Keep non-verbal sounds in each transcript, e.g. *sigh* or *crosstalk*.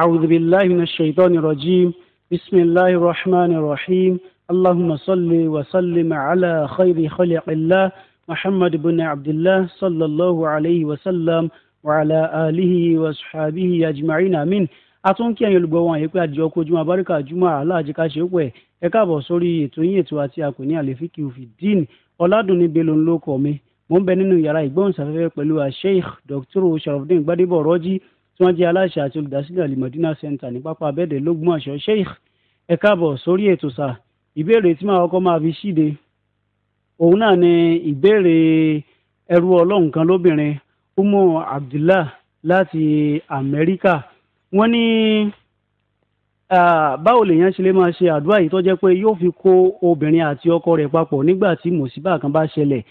أعوذ بالله من الشيطان الرجيم بسم الله الرحمن الرحيم اللهم صل وسلم على خير خلق الله محمد بن عبد الله صلى الله عليه وسلم وعلى آله وصحبه أجمعين آمين atún kí ẹ̀yin olùgbọ́ wọn yìí pé àdìjọ kó jùmọ̀ abáríkà jùmọ̀ aláàjíká ṣe pẹ ẹ káàbọ̀ sórí ètò yín ètò àti àkùnrin àlefíkì òfìdín ọládùnní belo ńlọkọ mi mò ń bẹ nínú yàrá ìgbóhùnsáfẹ́fẹ́ pẹ̀lú sheikh dr sharafdin gbadebo rọjí tí wọ́n jẹ́ aláṣẹ àti olùdásílẹ̀ alimadina center ní pápá abẹ́ẹ̀dẹ̀ lógúnmọ̀ṣọ́ sheikh ẹ káàbọ̀ sórí ètò sà ìbéèrè tí màá kọ́kọ́ máa fi ṣíde òun náà ni ìbéèrè ẹrú ọlọ́run kan lóbìnrin umu abdullah láti amẹ́ríkà wọ́n ní báwo lèèyàn ṣe lè máa ṣe àdúrà yìí tó jẹ́ pé yóò fi kó obìnrin àti ọkọ rẹ̀ papọ̀ nígbà tí mùsíbà kan bá ṣẹlẹ̀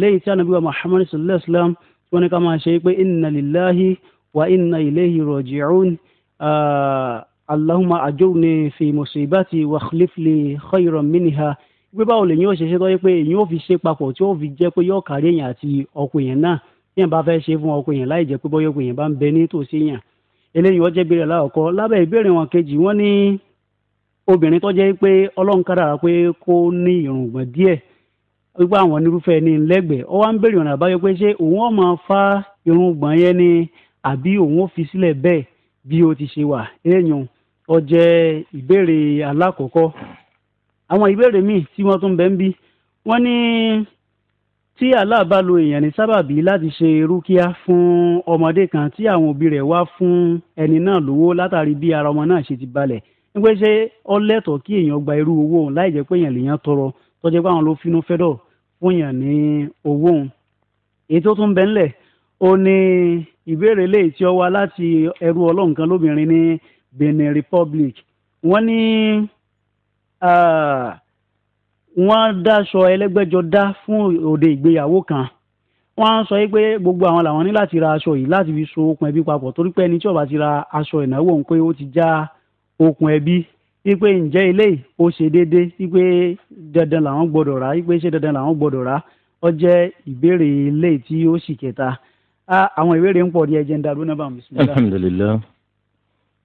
lẹ́yìn tí anabi wa sallallahu alayhi wa sallam wọ́n ní ká máa ṣe pé inna lillahi wa inna ilayhi raji'un ah, allahumma ajurni fi musibati wa akhlif li khayran minha pé báwo lè yín ó ṣe ṣe tọ́jú pé èyí ó fi ṣe papọ̀ tí ó fi jẹ́ pé yóò kárí èèyàn àti ọkùn yẹn náà tí èèyàn bá fẹ́ ṣe fún ọkùn yẹn láì jẹ́ pé bọ́yọ̀ ọkùn yẹn bá ń bẹ ní tòsí yẹn eléyìí wọ́n jẹ́ ìbéèrè láwọ̀kọ́ lábẹ́ ìbéèrè wọn kejì wọ́n ní obìnrin tó jẹ́ pé ọlọ́run kádàrá pé kó ní ìrùngbọ̀n díẹ̀ wípé àwọn onírúfẹ́ ní lẹ́gbẹ̀ẹ́ ó wá ń béèrè ọ̀nà àbí òun ó fi sílẹ̀ bẹ́ẹ̀ bí ó ti ṣe wà èèyàn ó jẹ́ ìbéèrè alákọ̀ọ́kọ́ àwọn ìbéèrè míì tí wọ́n tún bẹ́ ń bí wọ́n ní tí Allah bá lo èèyàn ní sábàbí láti ṣe rúkíá fún ọmọdé kan tí àwọn òbí rẹ̀ wá fún ẹni náà lówó látàrí bí ara ọmọ náà ṣe ti balẹ̀ nígbà ṣe ó lẹ́tọ̀ọ́ kí èèyàn gba irú owó òun láì jẹ́ pé èèyàn lèèyàn tọrọ tó pé àwọn ló finú fẹ́dọ̀ fún èèyàn ní owó òun èyí tó tún bẹ́ ó ní ìbéèrè léyìí tí ó wá láti ẹrú ọlọ́run kan lóbìnrin ní Benin Republic wọ́n ní wọ́n dáṣọ ẹlẹ́gbẹ́jọdá fún òde ìgbéyàwó kan wọ́n á sọ pé gbogbo àwọn làwọn ní láti ra aṣọ yìí láti fi so okùn ẹbí papọ̀ torí pé ẹni tí ó bá ti ra aṣọ ìnáwó ń pé ó ti já okùn ẹbí wípé ǹjẹ́ ilé yìí ṣe déédé wípé dandan làwọn gbọ́dọ̀ rà wípé ṣé dandan làwọn gbọ́dọ̀ rà ó jẹ́ ìbéèrè ilé tí ó sì kẹta àwọn ìbéèrè ń pọ̀ ní ẹ̀jẹ̀ ń darú náà bá mi. alhamdulilayi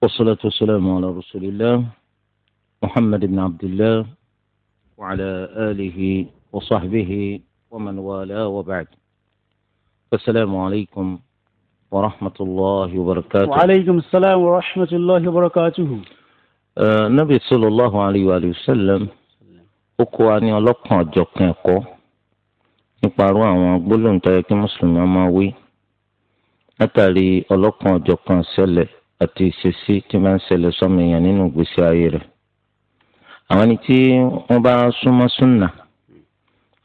wasalaatu wasalaamu ala rasulillah muhammad ibn abdillah wa ala alihi wa sahbihi wa man wala wa ba'd. asalaamu alaykum wa rahmatulahi wa barakatuhu. wa aleykum salaam wa rahmatulahi wa barakatuhu. nabi sallallahu alayhi wa sallam ó kó wa ní ọlọ́kan ọ̀jọ̀kan ẹ̀kọ́ nípa àwọn gbólóhùn yẹ kí mùsùlùmí máa wí látàrí ọlọ́kan ọ̀jọ̀kan ṣẹlẹ̀ àti ìṣesí tí máa ń ṣẹlẹ̀ sọ́mọ èèyàn nínú ìgbésí ayé rẹ̀. àwọn ẹni tí wọ́n bá súnmọ́ súnà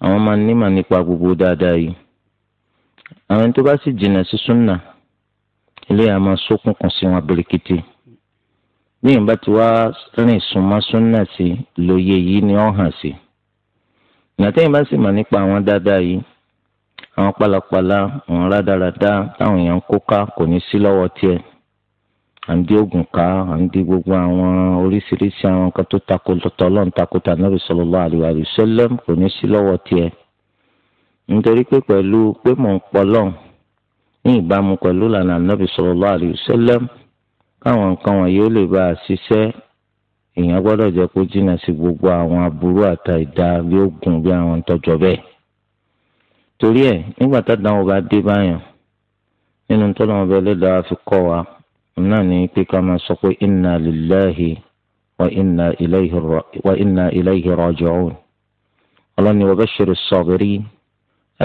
àwọn máa nímọ̀ nípa gbogbo dáadáa yìí. àwọn ẹni tó bá sì jìnnà sí súnà ilé yà máa ṣókùnkùn sí wọn birikiti. bí ìyẹn ti wá rìn súnmọ́ súnà sí lóye yìí ni ó hàn sí. ìgbà tẹ́yìn bá sì mọ̀ nípa àwọn dáadáa yìí àwọn pálapàla àwọn rádaràda táwọn èèyàn ń kó ká kò ní sí lọ́wọ́ tiẹ̀ à ń di oògùn ká à ń di gbogbo àwọn oríṣiríṣi àwọn nǹkan tó takò tọ́lọ́n takò tànàbì sallallahu alaihi wasallam kò ní sí lọ́wọ́ tiẹ̀ nítorí pé pẹ̀lú pé mò ń pọlọ́n ní ìbámu pẹ̀lú lànà ànábì sallallahu alaihi wasallam káwọn nǹkan wọ̀nyí ó lè bá a ṣiṣẹ́ èèyàn gbọ́dọ̀ jẹ́ kó jìnnà sí gbogbo àwọn aburú àtàìdá bí oògùn bí àwọn tọ́jọ́ bẹ́ẹ̀. torí ẹ nígbà tá a dáhùn bá dé báyàn nínú tó lọ́wọ́ bẹ́ẹ̀ tọ́lọ́mọba ẹlẹ́dàá fi kọ́ wa náà ní pé ká máa sọ pé iná lillahi wa iná inna rọ̀jọ́ raji'un ọlọ́ni wọ́n ṣeré wa bashiru as-sabirin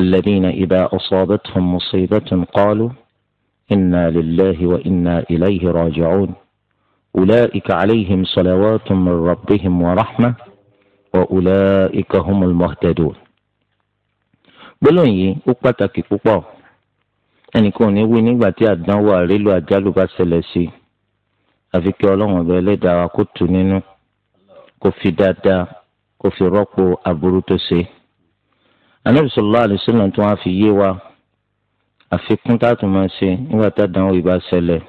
alladhina idha tó ń kọ́lu iná lillahi wa iná ilayhi rọ̀jọ́ ulaika alayhim salawatun min rabbihim wa rahma wa ulaika humul muhtadun. gbólóhùn yìí ó pàtàkì púpọ̀ ẹnìkan ò ní wí nígbà tí àdánwò àrélu àjálù bá ṣẹlẹ̀ sí i àfi kí ọlọ́run ọba ẹlẹ́dàá wa kó tù nínú kó fi dáadáa kó fi rọ́pò aburú tó ṣe. anábì sallallahu alaihi wasallam fi yé wa àfikún táàtù máa ṣe nígbà tá àdánwò yìí bá ṣẹlẹ̀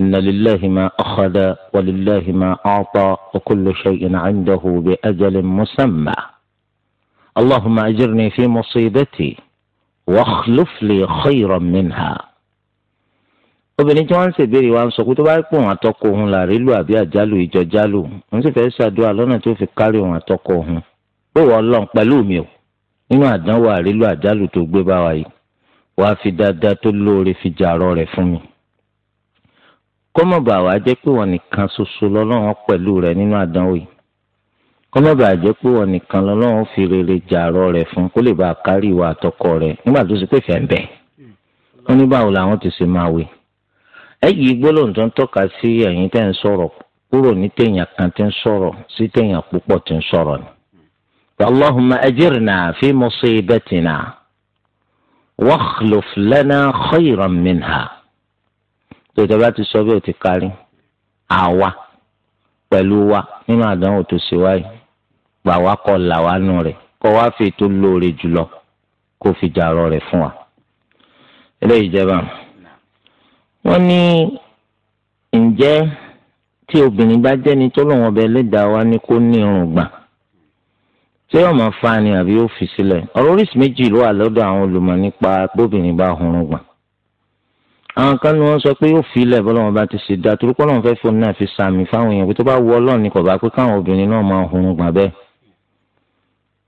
inna lillahi ma akhadha wa lillahi ma a'ta wa kullu shay'in 'indahu اللهم أجرني في مصيبتي واخلف لي خيرا منها obìnrin tí wọ́n ń ṣèbéèrè wa ń sọ pé tó bá pọ̀ wọn àtọkọ òun làrí lù àbí àjálù ìjọ jálù òun sì fẹ́ẹ́ ṣàdúrà lọ́nà tó fi kárí òun àtọkọ òun pé wọ́n lọ́n pẹ̀lú mi o nínú àdánwò àrí àjálù tó gbé bá wa yìí wàá fi dáadáa tó lóore fi jàrọ̀ rẹ̀ fún mi. kọ́mọ̀bà wa jẹ́ pé wọ́n nìkan ṣoṣo lọ́lọ́run pẹ̀lú rẹ̀ nínú àdánwò yìí kọ́mọ́ bàjẹ́ pé wọn nìkan lọ́lọ́run fi rere jàrọ̀ rẹ̀ fún kó lè bá a kárí ìwà àtọkọ rẹ̀ nígbà tó ṣe pé fẹ́ ń bẹ̀. Hmm. wọ́n ní báwo làwọn ti ṣe máa wé. ẹ yí tó ń tọ́ka sí ẹ̀yin tẹ́ ń sọ̀rọ̀ kúrò ní kan ń sọ̀rọ̀ sí púpọ̀ ń sọ̀rọ̀ ni. ti wa nínú àdánwò tó ṣe gbà wá kọ là wá nù rẹ̀ kọ wá fi tó lóore jùlọ kó fi jàrọ rẹ̀ fún wa. eléyìí jẹba wọn ní ǹjẹ́ tí obìnrin bá jẹ́ni tó lọ́wọ́ ọbẹ̀ lẹ́dàá wa ni kó ní irun gbà ṣé yóò máa fa ni àbí yóò fi sílẹ̀ ọ̀rọ̀ oríṣi méjì ló wà lọ́dọ̀ àwọn olùmọ̀ nípa bóbìnrin bá hunrun gbà àwọn kan ní wọ́n sọ pé yóò fi ilẹ̀ bọ́lá bá ti ṣe dá torí pọ́lọ́wọ́n fẹ́ fóònù náà fi sàmì fáwọn èèyàn pé tó bá wọ ọlọ́ọ̀ni kò bá pé káwọn obìnrin náà máa hunrun gbà bẹ́ẹ̀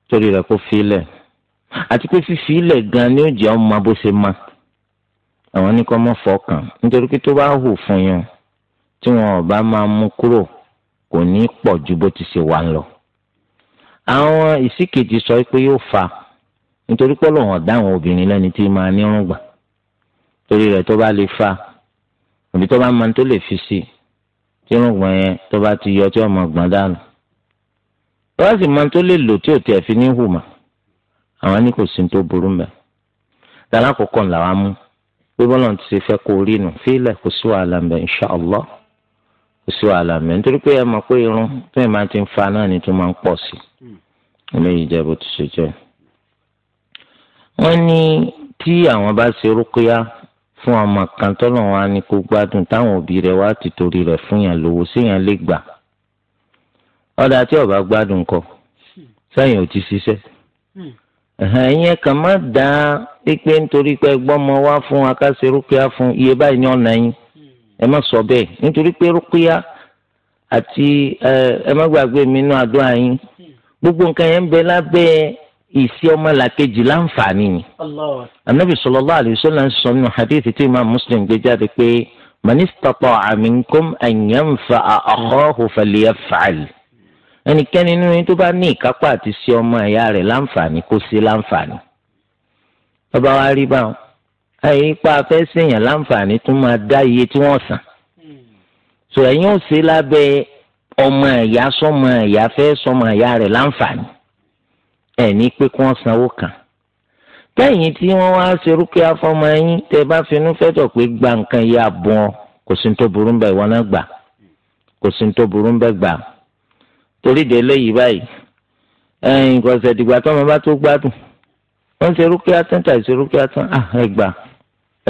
torí rẹ̀ kó fi ilẹ̀ àti pé fífi ilẹ̀ gan ni ó jẹ́ ọmọ bó ṣe ma àwọn ní kọ́ mọ́ fọkàn nítorí pé tó bá hù fún yín tí wọn ò bá máa mú kúrò kò ní pọ̀ ju bó ti ṣe wà lọ. àwọn ìsìkejì sọ pé yóò fa nítorí pé lọ́wọ́n dá obìnrin lẹ́ni tí máa nírùngbà torí rẹ̀ tó bá lè fa òbí tó bá máa tó lè fi sí i tí irùngbọ̀n yẹn tó bá ti yọ tí ọmọ gbọ̀n dànù wọ́n sì máa tó lè lò tí ò tiẹ̀ fi ní hùmà àwọn ní kò sí tó burú mẹ́. dáná kọ̀ọ̀kan làwọn mú pé bọ́lá ti ṣe fẹ́ kó rí nù fílẹ̀ kò sí wàhálà mẹ́ insha Allah kò sí wàhálà mẹ́ nítorí pé ẹ mọ̀ pé irun tó ẹ̀ máa ti ń fa náà ni tó máa ń pọ̀ sí i eléyìí jẹ́ bó ti ṣe jẹ́. wọ́n ní tí àwọn bá ṣe rúkúyá fún ọmọ kan tọ́lọ́ á ní kó gbádùn táwọn òbí rẹ̀ wá ti torí rẹ̀ fún yàn lówó séèyàn lè gbà ọ̀dà tí ọba gbádùn kọ sẹ́yìn ò ti ṣiṣẹ́ ẹ̀yìn hmm. ẹ̀ka má da pípé nítorí pé gbọ́mọ wá fún akásí rúkìá fún iye báyìí ní ọ̀nà yín hmm. ẹ má sọ bẹ́ẹ̀ nítorí pé rúkìá àti ẹ má gbàgbé mi nínú àdúrà yín hmm. gbogbo nǹkan yẹn ń bẹ lábẹ́ ìsí ọmọ làkejì láǹfààní ni. anabi sallallahu alaihi wasallam sọ nínú hadith tí imam muslim gbé jáde pé man istata'a minkum an yanfa'a ẹnikẹ́ni nínú yín tó bá ní ìkápá àti ṣe ọmọ ẹ̀yà rẹ̀ láǹfààní kó ṣe láǹfààní bàbá wa rí báwọn ẹ̀yìn ipa afẹ́ ṣèyàn láǹfààní tún máa dá iye tí wọ́n san tò ẹ̀yìn ò ṣe lábẹ́ ọmọ ẹ̀yà sọmọ ẹ̀yà fẹ́ sọmọ ẹ̀yà rẹ̀ láǹfààní ẹ̀ ní pé kí wọ́n sanwó kan tẹ́yìn tí wọ́n wá ṣe rúkìá fọmọ yín tẹ́ bá finú fẹ́tọ̀ pé gba nǹkan yìí àbọ̀ kò torí de eléyìí báyìí ẹ̀yìn kọsẹ̀ dìgbà tó ọmọ bá tó gbádùn wọ́n ṣe rúkìá tán tàbí ṣe rúkìá tán ẹgbà ah,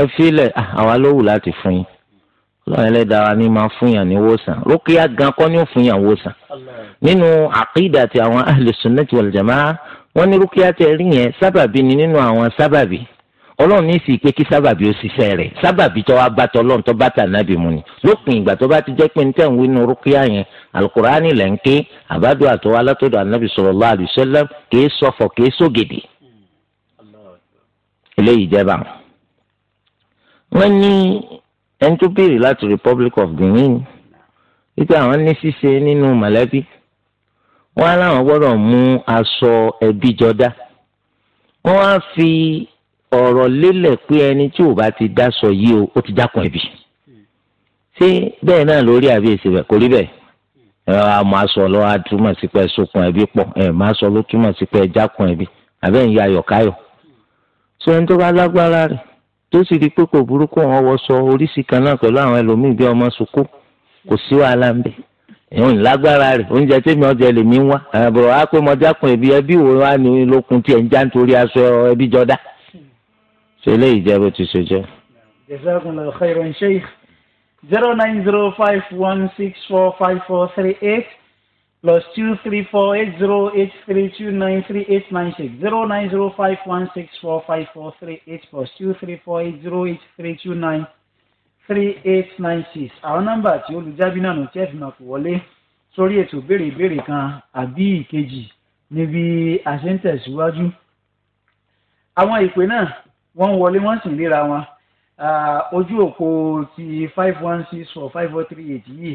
ẹ fílẹ̀ ah, àwa ló wù láti fún yín ọlọ́run ẹlẹ́dàá wa ní máa fún yàn ní wòsàn rúkìá gan kọ́ ní òfin yàn wòsàn nínú àkídà àti àwọn ahli sunnati wal wọ́n ní rúkìá tẹ̀ sábàbí ni nínú àwọn sábàbí ọlọ́run ní ìsìn pé kí sábàbí ó ṣiṣẹ́ rẹ̀ sábàbí tó wá bàtọ̀ ọlọ́run tó bàtà nábì mu ni lópin ìgbà tó bá ti jẹ́ pé ní tẹ̀wé inú rúkìá yẹn alukurani lẹ̀ ń ké àbádọ àtọwá látọ̀dọ̀ anábì sallallahu alaihi wasallam kìí sọ̀fọ̀ kìí sógèdè. eléyìí jẹ́ báwọn. wọ́n ní ẹni tó béèrè láti Republic of Benin wípé àwọn ní ṣíṣe nínú mọ̀lẹ́bí wọ́n á láwọn gbọ́dọ̀ mú aṣọ ẹbí jọdá wọ́n á fi ọ̀rọ̀ lélẹ̀ pé ẹni tí ò bá ti dá sọ yìí o ó ti jákun ẹ̀bí ṣé bẹ́ẹ̀ náà lórí àbí èsì bẹ̀ kò rí bẹ́ẹ̀ ẹ wá máa sọ lọ á túmọ̀ sí pé sokun ẹbí pọ̀ ẹ máa sọ ló túmọ̀ sí pé jákun ẹbí àbẹ́ ń ya ayọ̀káyọ̀ ṣé ẹni tó bá lágbára rẹ̀ tó sì rí pé kò burúkú wọn wọ sọ oríṣi kan náà pẹ̀lú àwọn ẹlòmíì bí ọmọ sukú kò sí wàhálà ń bẹ̀ ìhun ìlágbára rẹ̀ oúnjẹ tèmi ọjà lèmi ń wá àbúrò wa pé mo jákun ẹbí ẹbí wo wá ní lókun tí ẹ̀ ń já nítorí aṣọ ẹbí jọdá ṣe eléyìí jẹ́ bó ti ṣe jẹ́. jazakumullahu khairan sheikh zero nine zero five one six four five four three eight plus two three four eight zero eight three two nine three eight nine six zero nine zero five one six four five four three eight plus two three four eight zero eight three two nine three eight nine six àwọn nọ́mbà tí olùjábí náà nù tí ẹ fi máa kó wọlé sórí ètò béèrè ìbéèrè kan àbí ìkejì níbi àṣẹ ń tẹ̀síwájú àwọn ìpè náà wọ́n ń wọlé wọ́n sì ń ríra wọn ojú òpó ti five one six four five four oh three eight yìí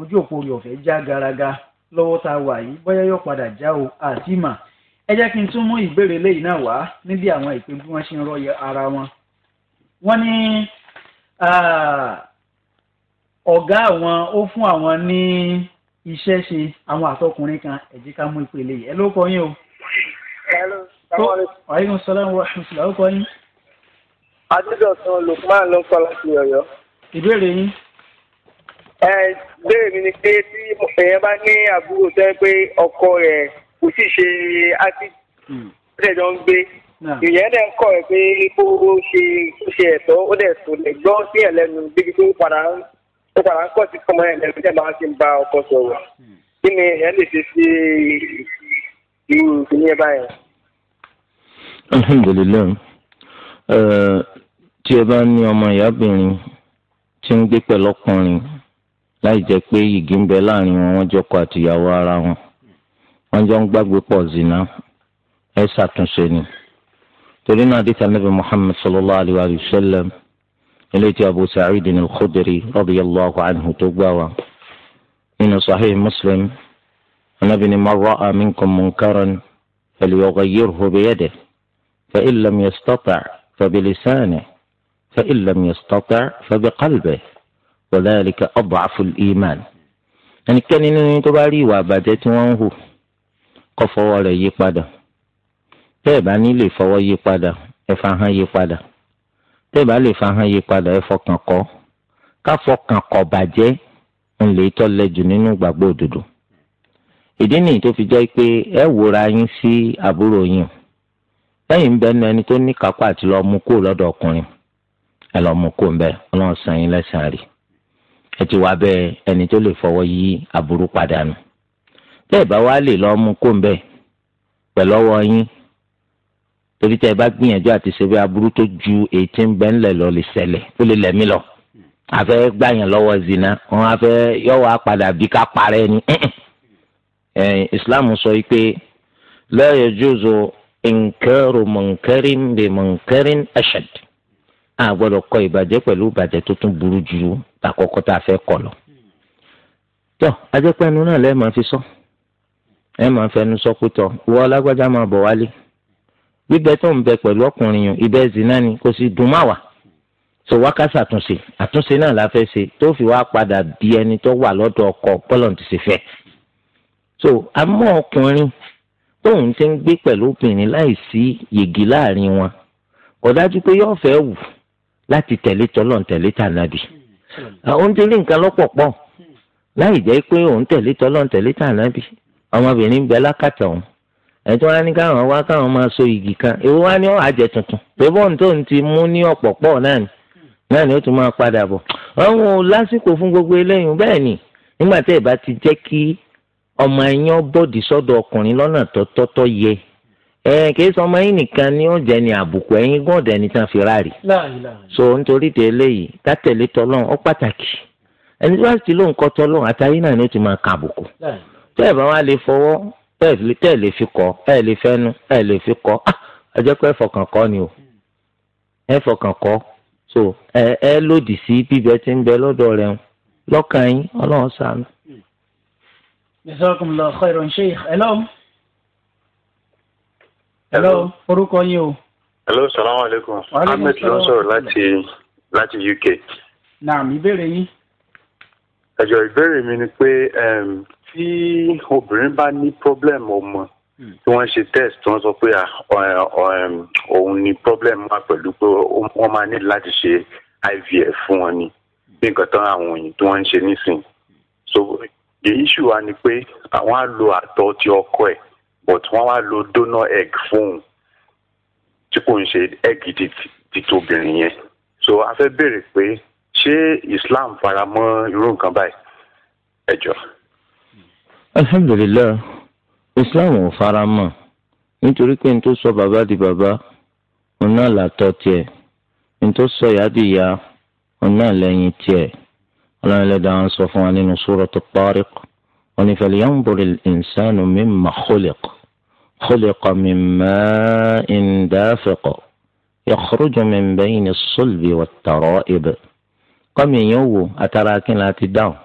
ojú òpó rẹ̀ ọ̀fẹ́ já garaga lọ́wọ́ tá a wà yìí bóyá yóò padà já o àti mà ẹ jẹ́ kí n tún mú ìbéèrè lẹ́yìn náà wá níbi àwọn ìpín bí wọ́n ṣe ń rọ ara wọn. wọ́n ní ọ̀gá àwọn ó fún àwọn ní iṣẹ́ ṣe àwọn àtọkùnrin kan ẹ ká mú ìpele yìí ẹ ló kọ yín o aleykum oh, salaam wa rahmatulah ọkọ yín. adédọ̀sán lukman ló ń kọ́ láti ọ̀yọ́. ìbéèrè yín. ẹ béèrè mi ni pé tí èèyàn bá ní àbúrò tó pé ọkọ rẹ̀ kò sì ṣe ásì tẹ̀jọ́ hmm. ń gbé ìyẹn dẹ̀ ń kọ̀ ẹ́ pé kó o ṣe ṣe ẹ̀tọ́ ó dẹ̀ sùn lẹ̀ gbọ́ sí ẹ̀ lẹ́nu tó padà ń ó padà ń kọ̀ sí fọmọ ẹ̀ lẹ́nu máa ti ba ọkọ sọ̀rọ̀ hmm. kí ni ẹ̀ lè ṣe sí irú ìpínlẹ̀ báyìí alhamdulilayi tí ẹ bá ní ọmọ ìyábìnrin tí ń gbé pẹ̀lú ọkùnrin láì jẹ́ pé yìgì ń bẹ láàrin wọn wọ́n jọkọ àtìyàwó ara wọn wọ́n jọ ń gbàgbé pọ̀ zina ẹ ṣàtúnṣe ni torí náà dìtà nàbì muhammed sallallahu alayhi wa sallam ilé tí abu sa'id al-khudri radiyallahu anhu tó gbà wá nínú sahih muslim anabi ni man ra'a minkum munkaran falyughayyirhu biyadihi. فإن لم يستطع فبلسانه فإن لم يستطع فبقلبه وذلك أضعف الإيمان يعني كان إنني تبالي وابدت وانه قفوا لي يقبدا تبا لي فوا يقبدا إفاها يقبدا tẹ́ẹ̀bá lè fa hàn yí padà ẹ fọkàn kọ́ ká fọkàn kọ́ bàjẹ́ ń lè tọ́lẹ̀ jù nínú ìgbàgbọ́ òdodo ìdí lẹ́yìn ń bẹ nu ẹni tó ní kápá àti lọ mú kó lọ́dọ̀ ọkùnrin ẹ lọ mú kó ń bẹ Ọlọ́run san yín lẹ́san rẹ̀ ẹ ti wá bẹ ẹni tó lè fọwọ́ yí aburú padà nù bẹ́ẹ̀ bá wá lè lọ mú kó ń bẹ pẹ̀lú ọwọ́ yín torí tẹ́ ẹ bá gbìyànjú àti ṣe bí aburú tó ju èyí tí ń bẹ ńlẹ̀ lọ lè ṣẹlẹ̀ ó lè lẹ̀mí lọ afẹ́ gbàyàn lọ́wọ́ zina wọn afẹ́ yọwọ apadà bí ká parẹ́ ni *clears throat* Islam sọ yìí pé la yajuzu. Inkaru mankarin, bè mọ̀nkẹ́rin ẹ̀ṣẹ̀d. a gbọ́dọ̀ kọ ìbàjẹ́ pẹ̀lú ìbàjẹ́ tó tún burú ju àkọ́kọ́ tá a fẹ́ kọ lọ. tọ́ ajẹ́pẹ́nu náà lẹ́ẹ̀ máa fi sọ ẹ máa fẹnu sọ pé wọ alágbájá máa bọ̀ wálé gbígbẹ tó ń bẹ pẹ̀lú ọkùnrin yàn ibẹ̀ zina ni kò sì dùn máa wà so wákàtí àtúnṣe àtúnṣe náà la fẹ́ ṣe tó fi wá padà di ẹni tó wà lọ́dọ̀ ọkọ bọ́lọ̀ ti ṣe fẹ́ so àmọ́ ọkùnrin tóun ti ń gbé pẹ̀lú obìnrin láìsí yègì láàrin wọn kò dájú pé yóò fẹ́ wù láti tẹ̀lé tọ́lọ̀ tẹ̀lé tànàbì òun ti rí nǹkan lọ́pọ̀ pọ̀ láì jẹ́ pé òun tẹ̀lé tọ́lọ̀ tẹ̀lé ọmọbìnrin bẹ lákàtà òun wa ní káwọn wá káwọn máa so igi kan èwo wa ní àjẹ tuntun pẹ̀lú ohun tó ń ti mú ní ọ̀pọ̀ pọ̀ náà ni náà ni fún gbogbo eléyìí bẹ́ẹ̀ ni nígbà tẹ́ ti jẹ́ kí ọmọ yín ó bòdì sọ́dọ̀ ọkùnrin lọ́nà tọ́tọ́tọ́ yẹ ẹ kìí sọ ọmọ yín nìkan ni ó jẹ ní àbùkù ẹyin gún ọ̀dẹ̀ ní tán fi ráàrí. so nítorí tẹ eléyìí tátẹ̀lé tọ́lọ́n ó pàtàkì ẹni tí wọ́n ti ló ń kọ́ tọ́lọ́n náà ni ó ti máa ka àbùkù. tẹ́ ẹ̀ bá wá lè fọwọ́ tẹ́ ẹ̀ lè fi kọ́ ẹ̀ lè fẹ́nu ẹ̀ lè fi kọ́ ẹ ah! jẹ́ pé ẹ fọkàn ni o ẹ fọkàn kọ́ so ẹ lòdì sí bíbẹ tí ń bẹ lọ́dọ̀ rẹ̀ lọ́kàn yín ọlọ́run ṣàánú. Jazakumullah khairan sheikh. Hello. Hello. Orúkọ yín o. Hello, salaam aleykum. Ahmed ló ń sọ̀rọ̀ láti láti UK. Naam, ìbéèrè yín. Ẹ̀jọ̀ ìbéèrè mi ni pé tí obìnrin bá ní problem ọmọ hmm. tí wọ́n ṣe test wọ́n sọ pé ah, òun ni problem wà pẹ̀lú pé wọ́n máa ní láti ṣe IVF fún wọn ni bí nǹkan tán àwọn òyìn tí wọ́n ń ṣe nísìnyí the issue wa ni pé àwọn á lo àtọ̀ ti ọkọ ẹ̀ but wọ́n wá lo donor egg fóun tí kò ń ṣe egg ti titobìnrin yẹn so a fẹ́ béèrè pé ṣé Islam faramọ́ irú nǹkan báyìí ẹ alhamdulilayi Islam ò faramọ́ nítorí pé n tó sọ bàbá di bàbá òun náà làtọ̀ tiẹ̀ n tó sọ ìyá di ìyá òun lẹ́yìn tiẹ̀ ọlọ́run ẹlẹ́dàá ń sọ fún wa nínú sórọ̀tò Tariq wọn ní falyanzur al-insanu mimma khuliq khuliq min ma'in dafiq yakhruju min bayni as-sulbi wat-tara'ib kọ́mi yẹn wò àtàrà kí n láti dáhùn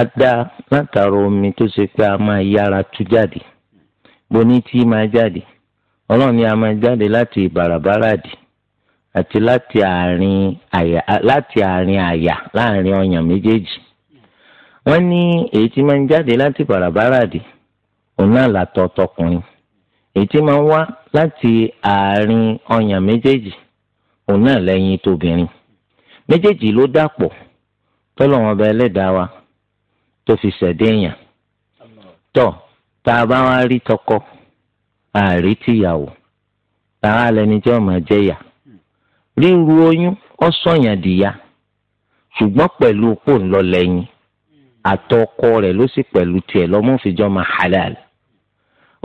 á dá látara omi tó ṣe pé a máa yára tú jáde boni máa jáde ọlọ́run a máa jáde láti ìbàràbàràdì àti láti àárín àyà láti àárín àyà láàrin ọyàn méjèèjì wọ́n ní èyí tí máa ń jáde láti bàràbàràdì òun náà làtọ̀ tọkùnrin èyí tí máa ń wá láti àárín ọyàn méjèèjì òun náà lẹ́yìn tóbìnrin méjèèjì ló dàpọ̀ tọ́lọ́wọ́n ọba ẹlẹ́dàá wa tó fi ṣẹ̀déèyàn tọ́ tá a bá wá rí tọkọ àárí tìyàwó tá a lẹni tí wọ́n máa ríru oyún ó sọ̀yàn ya ṣùgbọn pẹlú kò ń lọ lẹ́yìn àtọ ọkọ rẹ̀ ló sì pẹ̀lú tiẹ̀ lọ́mú fìjọ́ máa halal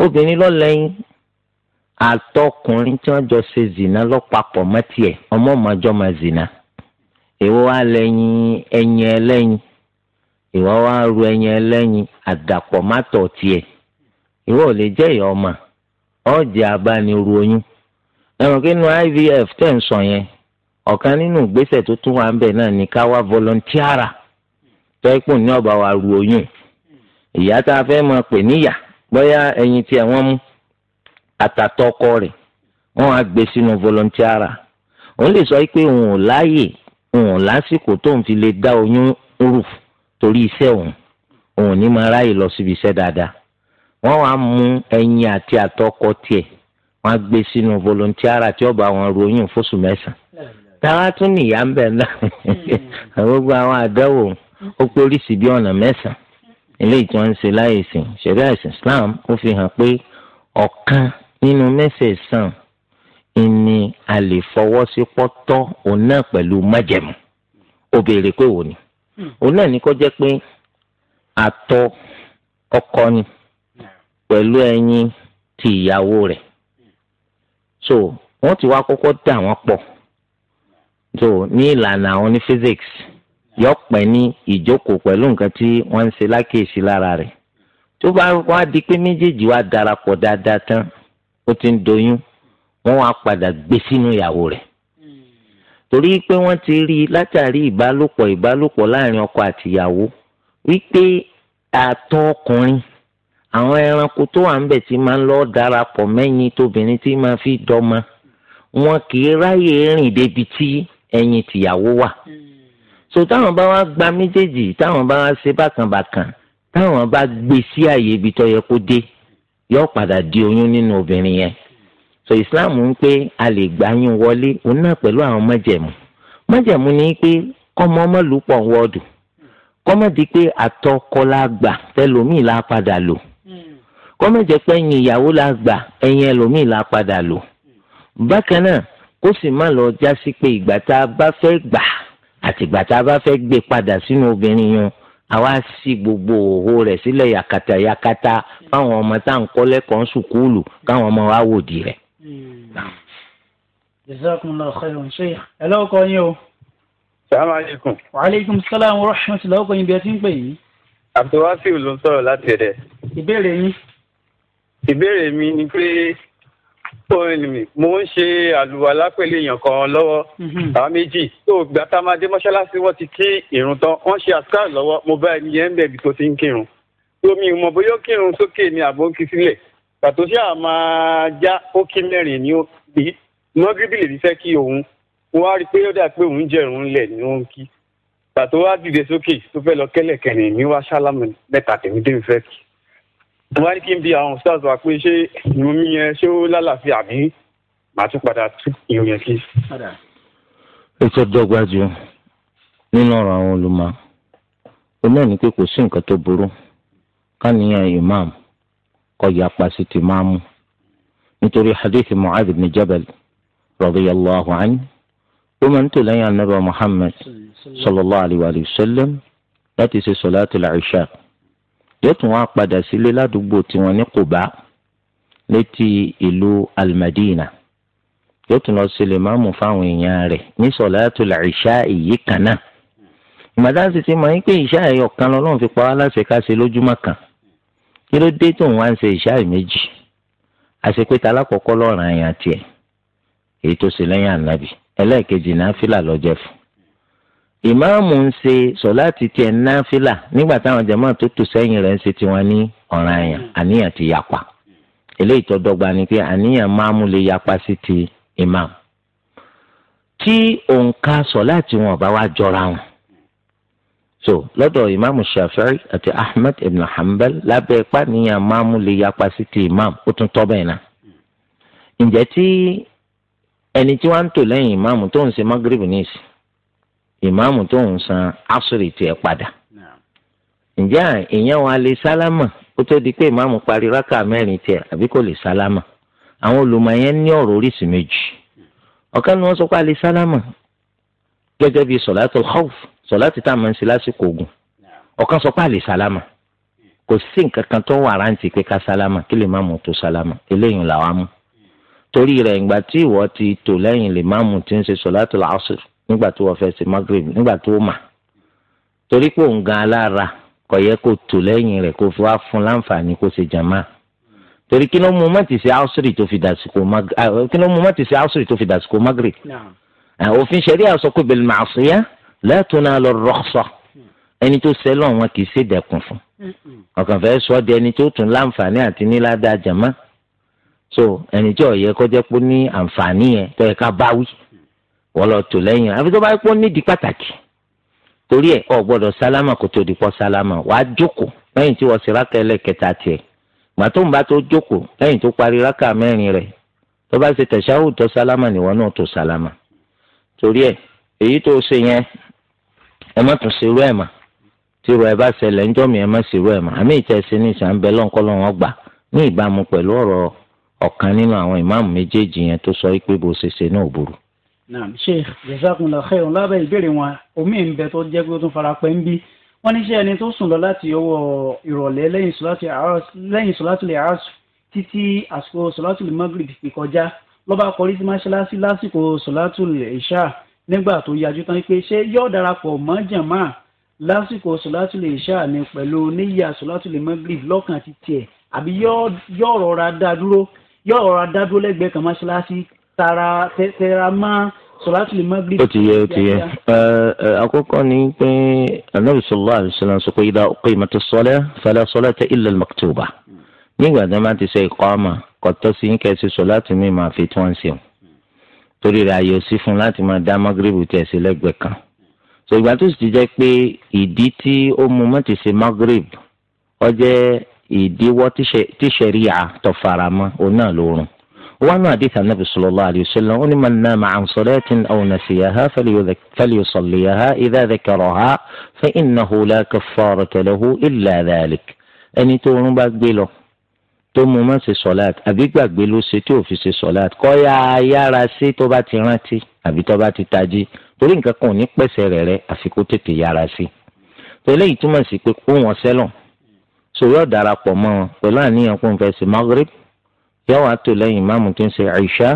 obìnrin lọ lẹ́yìn àtọkùnrin tí wọ́n jọ ṣe zina lọ́pàpọ̀ mọ́ tiẹ̀ ọmọ máa zina ìwọ ru àdàpọ̀ mátọ̀ ìwọ ò lè jẹ́ ọmọ ọ̀jẹ̀ abániru oyún. ẹ̀rọ kí nu IVF tẹ̀ ń sọ yẹn ọ̀kan nínú ìgbésẹ̀ tó tún wà ń bẹ̀ náà ni ká wá volunteera tẹ́kùn ní ọ̀bà wa ru oyún ìyá tá a fẹ́ máa pè níyà bóyá ẹyin tí ẹ̀ wọ́n mú àtàtọ́ ọkọ rẹ̀ wọ́n á gbé sínú volunteera òun lè sọ pé òun ò láàyè òun ò lásìkò tóun fi lè dá oyún rù torí iṣẹ́ òun òun ní máa ráyè lọ síbi iṣẹ́ dáadáa wọ́n wá mú ẹyin àti àtọkọ tiẹ̀ wọn á gbé sínú volontiara tí ọba wọn ròyìn fóṣù mẹ́sàn-án táwa tún nìyá ń bẹ náà hmm. *laughs* gbogbo àwọn àdánwò ó pé oríṣi bí ọ̀nà mẹ́sàn-án eléyìí tí wọ́n ń ṣe láyè sìn ṣẹ̀ríà ẹ̀sìn Islam ó fi hàn pé ọ̀kan nínú mẹ́sẹ̀ẹ̀sán ìní a lè fọwọ́ sí pọ́tọ́ òun náà pẹ̀lú májẹ̀mú ó béèrè pé wò ni hmm. òun náà ní kó jẹ́ pé àtọ̀ ọkọ ni hmm. pẹ̀lú ẹyin ti ìyàwó rẹ̀ so wọ́n ti wá kọ́kọ́ dà wọ́n pọ̀ so ní ìlànà àwọn ní physics yọ pẹ́ ní ìjókòó pẹ̀lú nǹkan tí wọ́n ń ṣe lákèésí lára rẹ̀ tó bá wá di pé méjèèjì wá darapọ̀ dáadáa tán ó ti ń doyún wọ́n wá padà gbé sínú ìyàwó rẹ̀ torí pé wọ́n ti rí látàrí ìbálòpọ̀ ìbálòpọ̀ láàrin ọkọ àtìyàwó wípé àtọ̀ ọkùnrin àwọn ẹranko tó wà ń bẹ̀ tí máa ń lọ darapọ̀ mẹ́yìn tóbìnrin tí máa fi dọ́mọ wọn kì í ráyè rìn débi tí ẹyin tìyàwó wà so táwọn bá wá gba méjèèjì táwọn bá wá ṣe bákànbàkàn táwọn bá gbé sí àyè ibi tó yẹ kó dé yóò padà di oyún nínú obìnrin yẹn so islam ń pé a lè gbà yín wọlé òun náà pẹ̀lú àwọn májẹ̀mú májẹ̀mú ni pé kọ́mọ ọmọ lù pọ̀ wọ́ọ̀dù kọ́mọ di pé la gbà tẹlómi là padà lò kọ́mẹ̀jẹ̀ pé ẹ̀yìn ìyàwó la gbà ẹ̀yìn ẹlòmíì la padà lò bákan náà kó sì má lọ já sí pé ìgbà tá a bá fẹ́ gbà àti ìgbà tá a bá fẹ́ gbé padà sínú obìnrin yẹn àwa sì gbogbo òhò rẹ̀ sílẹ̀ yàkàtà yàkàtà fáwọn ọmọ tá à ń kọ́ lẹ́kọ̀ọ́ sùkúlù káwọn ọmọ wa wò di rẹ̀. Hmm. jazakumullahu khairan sheikh ẹ salaamaleykum. waaleykum salaam wa rahmatulah ọkọ yín bí ẹ ti ń pè yín. abdulwasiu ló ń sọ̀rọ̀ láti ẹ̀dẹ̀. ìbéèrè yín ìbéèrè mi ni pé mo ń ṣe àlùwàlá pẹ̀lú èèyàn kan lọ́wọ́ mhm. àwọn méjì tó gbà tá a máa dé mọ́ṣáláṣí wọ́n ti kí ìrun tán wọ́n ṣe àṣkárù lọ́wọ́ mo bá ẹni yẹn ń bẹ̀bí tó ti ń kírun tómi ìmọ̀ bóyá ó kírun sókè ni àbò ń kí sílẹ̀ pàtó ṣáà máa já ó kí mẹ́rin ni ó bí mọ́gíríbì lè fẹ́ kí òun wọ́n á rí i pé ó dà pé òun jẹ̀rùn ńlẹ̀ ni ó ń kí pàtó wá dìde sókè tó fẹ́ lọ kẹ́lẹ̀kẹ̀rin ni wá ṣálámù mẹ́ta tèmi débi fẹ́ kí mo wá ní kí n bi àwọn stars wa pé ṣé irun mi yẹn ṣé ó lálàáfíà mi màá tún padà tún irun yẹn sí. ó tó dọ́gba jù nínú ọ̀rọ̀ àwọn olùmọ̀ ó náà ní pé kò sí nǹkan tó burú káníyàn imam kó yapa sí ti máa mú nítorí hadith mu'adh ibn jabal radiyallahu anhu ó máa ń tò lẹ́yìn anábà muhammad sallallahu alayhi wa sallam láti ṣe sọ̀láàtì al yóò tún wá padà sílé ládùúgbò tiwọn ní Kùbá létí ìlú Al-Madina yóò tún lọ sílé máàmù fáwọn èèyàn rẹ̀ ní sọ̀láàtul ìṣá èyí kan náà ìmọ̀dáǹsì ti mọ̀ pé ìṣá ẹ̀yọ̀ kan lọ́lọ́run fi pa wá láṣẹ ká ṣe lójúmọ́ kan kí ló dé tóun wá ń ṣe ìṣá méjì àṣepẹ́ta alákọ̀ọ́kọ́ lọ́ràn àyàn tiẹ̀ èyí tó ṣe lẹ́yìn ànábì ẹlẹ́ẹ̀kejì náà fìlà lọ́jẹ́ fún un ìmáàmù ń ṣe sọ̀láàtì tiẹ̀ náfìlà nígbà táwọn jàmáà tó tò sẹ́yìn rẹ̀ ń ṣe tiwọn ní ọ̀ràn àyàn àníyàn ti yapa eléyìí tó dọ́gba ni pé àníyàn máàmù lè yapa sí ti ìmáàmù tí òǹkà sọ̀láàtì wọn bá wá jọra wọn so lọ́dọ̀ ìmáàmù shafi'i àti ahmed ibn hanbal lábẹ́ ipá níyàn máàmù lè yapa sí ti ìmáàmù ó tún tọ́ bẹ́ẹ̀ náà ǹjẹ́ tí ẹni tí wọ́n ń tò lẹ́yìn ìmáàmù tó ń ìmáàmù tó ń san asúrì tiẹ̀ padà ǹjẹ́ èèyàn wa lè sálámà ó tó di pé ìmáàmù parí rákà mẹ́rin tiẹ̀ àbí kò lè sálámà àwọn olùmọ̀ yẹn ní ọ̀rọ̀ oríṣìí méjì ọ̀kan ni wọ́n sọ pé a lè sálámà gẹ́gẹ́ bíi sọ̀látò khawf sọ̀látì tá a máa ń ṣe lásìkò ogun ọ̀kan sọ pé a lè sálámà kò sí nǹkan kan tó wà ráǹtì pé ká sálámà kí lè máàmù tó sálámà eléyìí làwa mú torí rẹ̀ ìgbà tí ìwọ ti tò lẹ́yìn lè máàmù ti ń ṣe sọ̀látò làásìrì nígbà tí wọ́n fẹ́ ṣe magrib nígbà tó mà torí pé òun gan alára kò yẹ kó tò lẹ́yìn rẹ̀ kó wá fún láǹfààní kó ṣe jàmá torí kí ló mú mọ́tì sí ausri tó fi dàsìkò magrib kí ló mú mọ́tì sí ausri tó fi dàsìkò magrib òfin ṣẹ̀ríà sọ pé bil ma'siyah la tunalu rukhsa ẹni tó sẹ́lọ̀ wọn kì í ṣe dẹ̀kun fún ọ̀kàn fẹ́ sọ di ẹni tó tún láǹfààní àti nílá jàmá so ẹni tí ò yẹ kó jẹ́ pé ní àǹfààní yẹn tó yẹ ká báwí wọ́n lọ tò lẹ́yìn àfi tó bá pọ́ nídìí pàtàkì torí ẹ̀ ọ̀ gbọ́dọ̀ sálámà kó tó di pọ́ sálámà wàá jókòó lẹ́yìn tí wọ́n ṣe rákà ẹlẹ́kẹta tiẹ̀ gbà tó ń bá tó jókòó lẹ́yìn tó parí rákà mẹ́rin rẹ̀ tó bá ṣe tẹ̀síáhù tó sálámà nìwọ náà tó sálámà torí ẹ̀ èyí tó ṣe yẹn ẹ má tún ṣerú ẹ̀ mà tí ìrọ̀ ẹ bá ṣẹlẹ̀ ńjọ́ mi ẹ má ṣerú ẹ̀ mà àmì ìtẹ̀sí ní ìṣàǹbẹ̀ lọ́nkọ́lọ́wọ́n gbà ní ìbámu pẹ̀lú ọ̀rọ̀ ọ̀kan nínú àwọn ìmáàmù méjèèjì yẹn tó sọ pé bó ṣe ṣe náà burú naam sheikh jazakumullah khairan lábẹ́ ìbéèrè wọn omi ń tó jẹ́ pé ó fara pẹ́ ń bí wọ́n ní iṣẹ́ ẹni tó sùn lọ láti ọwọ́ ìrọ̀lẹ́ lẹ́yìn sọ́láṣí lè àásù títí àsìkò sọ́láṣí lè magrib fi kọjá lọ́ba kọrí sí mọ́ṣáláṣí lásìkò sọ́láṣí lè ṣá nígbà tó yájú tán pé ṣé yóò darapọ̀ mọ́ jàmá lásìkò sọ́láṣí lè ṣá ni pẹ̀lú níyà sọ́láṣí lè magrib lọ́kàn ti tiẹ̀ àbí yóò rọra dá dúró lẹ́gbẹ̀ẹ́ kan mọ́ṣáláṣí tara tẹra mọ́ sọláṣìlì magrib. ó ti yẹ ó ti yẹ àkọ́kọ́ ni pé anabi sallallahu alayhi wa sọ pé idha uqimatis salah fala salata illa al-maktuba nígbà tí wọ́n ti ṣe iqama kọ̀tọ́ sí ní kẹ́sì sọ láti mí máa fi tí wọ́n ń ṣeun torí rẹ̀ ayọ̀ sí fún láti máa dá magrib tẹ̀ sí lẹ́gbẹ̀ẹ́ kan so ìgbà tó sì ti jẹ́ pé ìdí tí ó mú mọ́tì ṣe magrib ó jẹ́ ìdíwọ́ tíṣẹ̀ríyà tó òun náà ló rùn وأما حديث النبي صلى الله عليه وسلم لمن نام عن صلاة أو نسيها فليصليها إذا ذكرها فإنه لا كفارة له إلا ذلك ẹni tó oorun bá gbé lọ tó mú má ṣe sọláàt àbí gbàgbé ló ṣe tí ò fi ṣe sọláàt kọ́ ya yára sí tó bá ti rántí àbí tó bá ti tají torí nǹkan kan ò ní pẹ̀sẹ̀ rẹ̀ rẹ̀ àfi kó tètè yára sí tó eléyìí túmọ̀ sí pé kó wọn sẹ́lọ̀ sòrí ọ̀darapọ̀ mọ́ wọn pẹ̀lú àníyàn kó n fẹ́ ṣe magrib yóò wá tó lẹ́yìn ìmáàmù tó ń ṣe àìṣá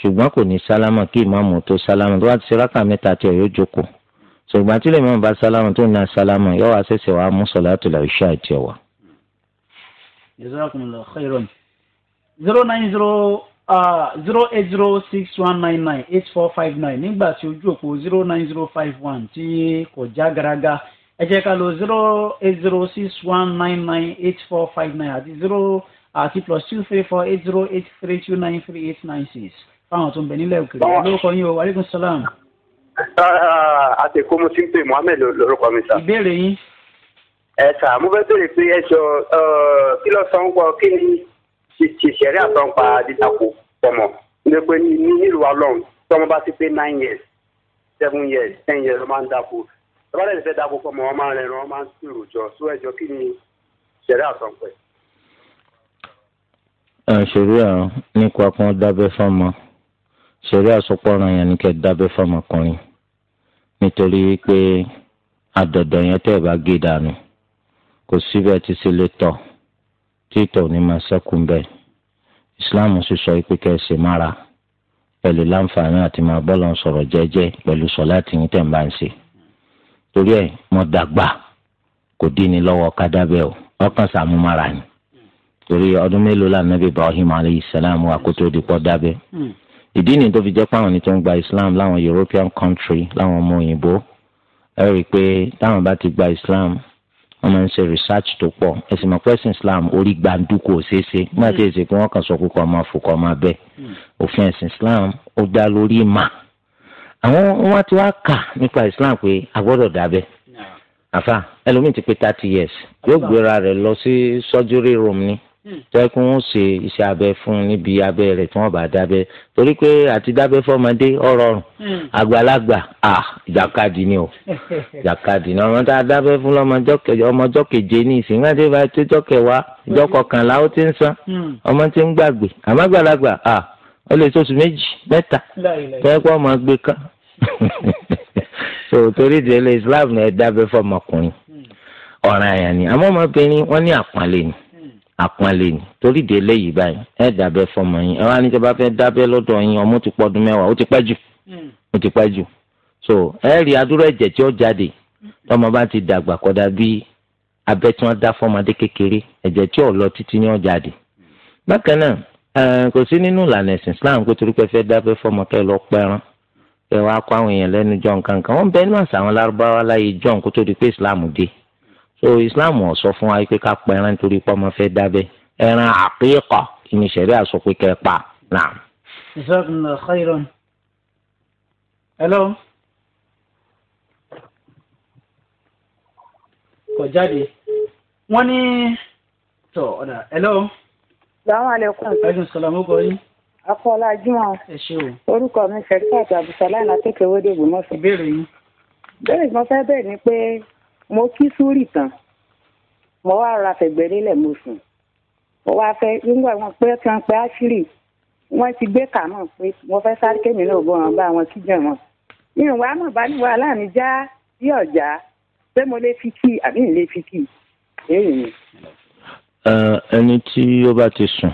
ṣùgbọ́n kò ní sálámà kí ìmáàmù tó sálámà tó bá ti ṣe rákà mẹ́ta tí ọ̀yọ́ jókòó ṣùgbọ́n tí lè máa bá sálámà tó ń na sálámà yóò wá ṣẹ̀ṣẹ̀ wá mú sọ̀látù àìṣá àti ọ̀wà. jazakumullahu khairan uh, nígbà tí ojú òpó zero nine zero five one tí kò já garaga ẹ jẹ́ ká lo zero eight zero six one nine nine eight four five nine àti zero. 0 àti uh, plus two three four eight zero eight three two nine three eight nine six fáwọn tó ń bẹ nílẹ̀ òkèèrè lórúkọ yín o aleykum salaam. àtẹ̀kọ́ mo ti ń pè Mohammed lórúkọ mi sá. ìbéèrè yín. ẹ sà mo fẹ́ bèrè pé ẹ jọ uh, kí lọ san pọ kí ni ṣìṣẹ́rí àtàn pa dídàpọ̀ tọmọ ní pé ní nílùú alọ́run tọmọ bá ti pé nine years seven years ten years ló máa ń dàpọ̀ tọ́ba lẹ́yìn fẹ́ dàpọ̀ pọ̀ mọ́ ọmọ rẹ̀ rán ọmọ ń sùn rò jọ sóẹ́jọ kí ni ṣẹ̀rí àtàn pẹ̀ ṣẹ̀ríà nípa kan dábẹ́ fọ́mọ ṣẹ̀ríà sọpọ́ ọ̀ràn yẹn ni kẹ́ dábẹ́ fọ́mọkùnrin nítorí pé àdọ̀dọ̀ yẹn tẹ́ ẹ̀ bá gé dànù kò síbẹ̀ tí ṣe lè tọ̀ tí tọ̀ ní máa ṣẹ́kùn bẹ́ẹ̀ Islam sì sọ pé kẹ́ ẹ ṣe mára pẹ̀lú láǹfààní àti máa bọ́ọ̀lù sọ̀rọ̀ jẹ́jẹ́ pẹ̀lú sọ̀lá tìyín tẹ̀ ń bá ń ṣe torí ẹ̀ mo dàgbà kò dín ní lọ́wọ́ kádábẹ́ o ọkàn sàmúmára ni torí ọdún mélòó la nàbí ibrahim alayhi salam wà kó tó di pọ́ dábẹ́ hmm. ìdí ni tó fi jẹ́ páwọn ni tó ń gba islam láwọn european country láwọn ọmọ òyìnbó ẹ rí i pé táwọn bá ti gba islam wọ́n máa ń ṣe research tó pọ̀ ẹ̀sìn mọ̀pẹ́sìn islam orí gbàǹdùkú ò ṣeé ṣe hmm. nígbà tí èsì pé wọ́n kàn sọ pé kọ́ máa fòkọ́ máa bẹ̀ hmm. òfin ẹ̀sìn islam ó dá lórí ìmà àwọn wọn ti wá kà nípa islam pé a gbọ́dọ̀ dábẹ́ àfa ẹlòmíì ti pé thirty years yóò gbéra rẹ̀ lọ sí surgery room ni. Hmm. tẹ́kùn ń ṣe iṣẹ́ abẹ fún níbi abẹ rẹ̀ tí wọ́n bá dábẹ́ torí pé àti dábẹ́ fọmọdé ọ̀rọ̀rùn hmm. àgbàlagbà à jàkadì ni o *laughs* jàkadì ni ọmọdé adábẹ́ fún ọmọjọ́ keje ní ìsìn wọn ti bá tó jọ́kẹ̀ wá ìjọ hmm. kọkànlá ó ti ń san ọmọ ti ń gbàgbé àmọ́ àgbàlagbà à ó lè tó méjì mẹ́ta tẹ́kùn ọmọ gbé kán *laughs* so torí ìdílé Islam ẹ̀ dábẹ́ fọmọkùnrin ọ̀ràn àyàn ni àmọ́ ọmọbìnrin wọ́n ní àpọ́nlé ni àpọ́nlé ni torí de eléyìí báyìí ẹ dábẹ́ fọmọ yín ẹ wá ní tẹ́ bá fẹ́ dábẹ́ lọ́dọ̀ yín ọmọ ti pọ́ ọdún mẹ́wàá ó ti pẹ́ jù ó ti pẹ́ jù so ẹ rí adúrò ẹ̀jẹ̀ tí ó jáde tọmọ bá ti dàgbà kódà bí abẹ́ tí wọ́n dá fọmọdé kékeré ẹ̀jẹ̀ tí ò lọ títí ni ó jáde bákan náà kò sí nínú ìlànà ẹ̀sìn Islam pé torí pé fẹ́ dábẹ́ fọmọ kẹ́ lọ pẹ́ràn kẹ́ wá kó àwọn èèyàn lẹ́nu jọ nǹkan kan wọ́n bẹ́ẹ̀ so islam ò sọ fún wa pé ká pa ẹran torí pé ọmọ fẹ́ dábẹ́ ẹran àpéèkọ ìní sẹ̀rí àsọ pé kẹ́ pa náà. jazakumullahu khairan. hello. kò jáde wọ́n ní tọ̀ ọ̀dà hello. salaamaleykum. aleykum salaam ó kọ́ yín. akọ́lá jùmọ̀. ẹ ṣe o. orúkọ mi fẹ́ kí àti àbùsálà náà kékeré wọ́dẹ̀ gbọ́mọ̀fẹ́. ìbéèrè yín. bẹ́ẹ̀ ni mo fẹ́ bẹ́ẹ̀ ni pé mo kí súrì tán mo wá ra fẹ̀gbẹ́ nílẹ̀ mo sùn mo wá fẹ́ nígbà wọn pé kí wọn pé áṣírì wọn ti gbé kà náà pé mo fẹ́ sáré kémi náà bọ wọn bá wọn kíjọ wọn ní ìwà náà bá ní wàhálà mi já bí ọjà pé mo lè fi kí àbí mi fi kí èyí ni. ẹni tí ó bá ti sùn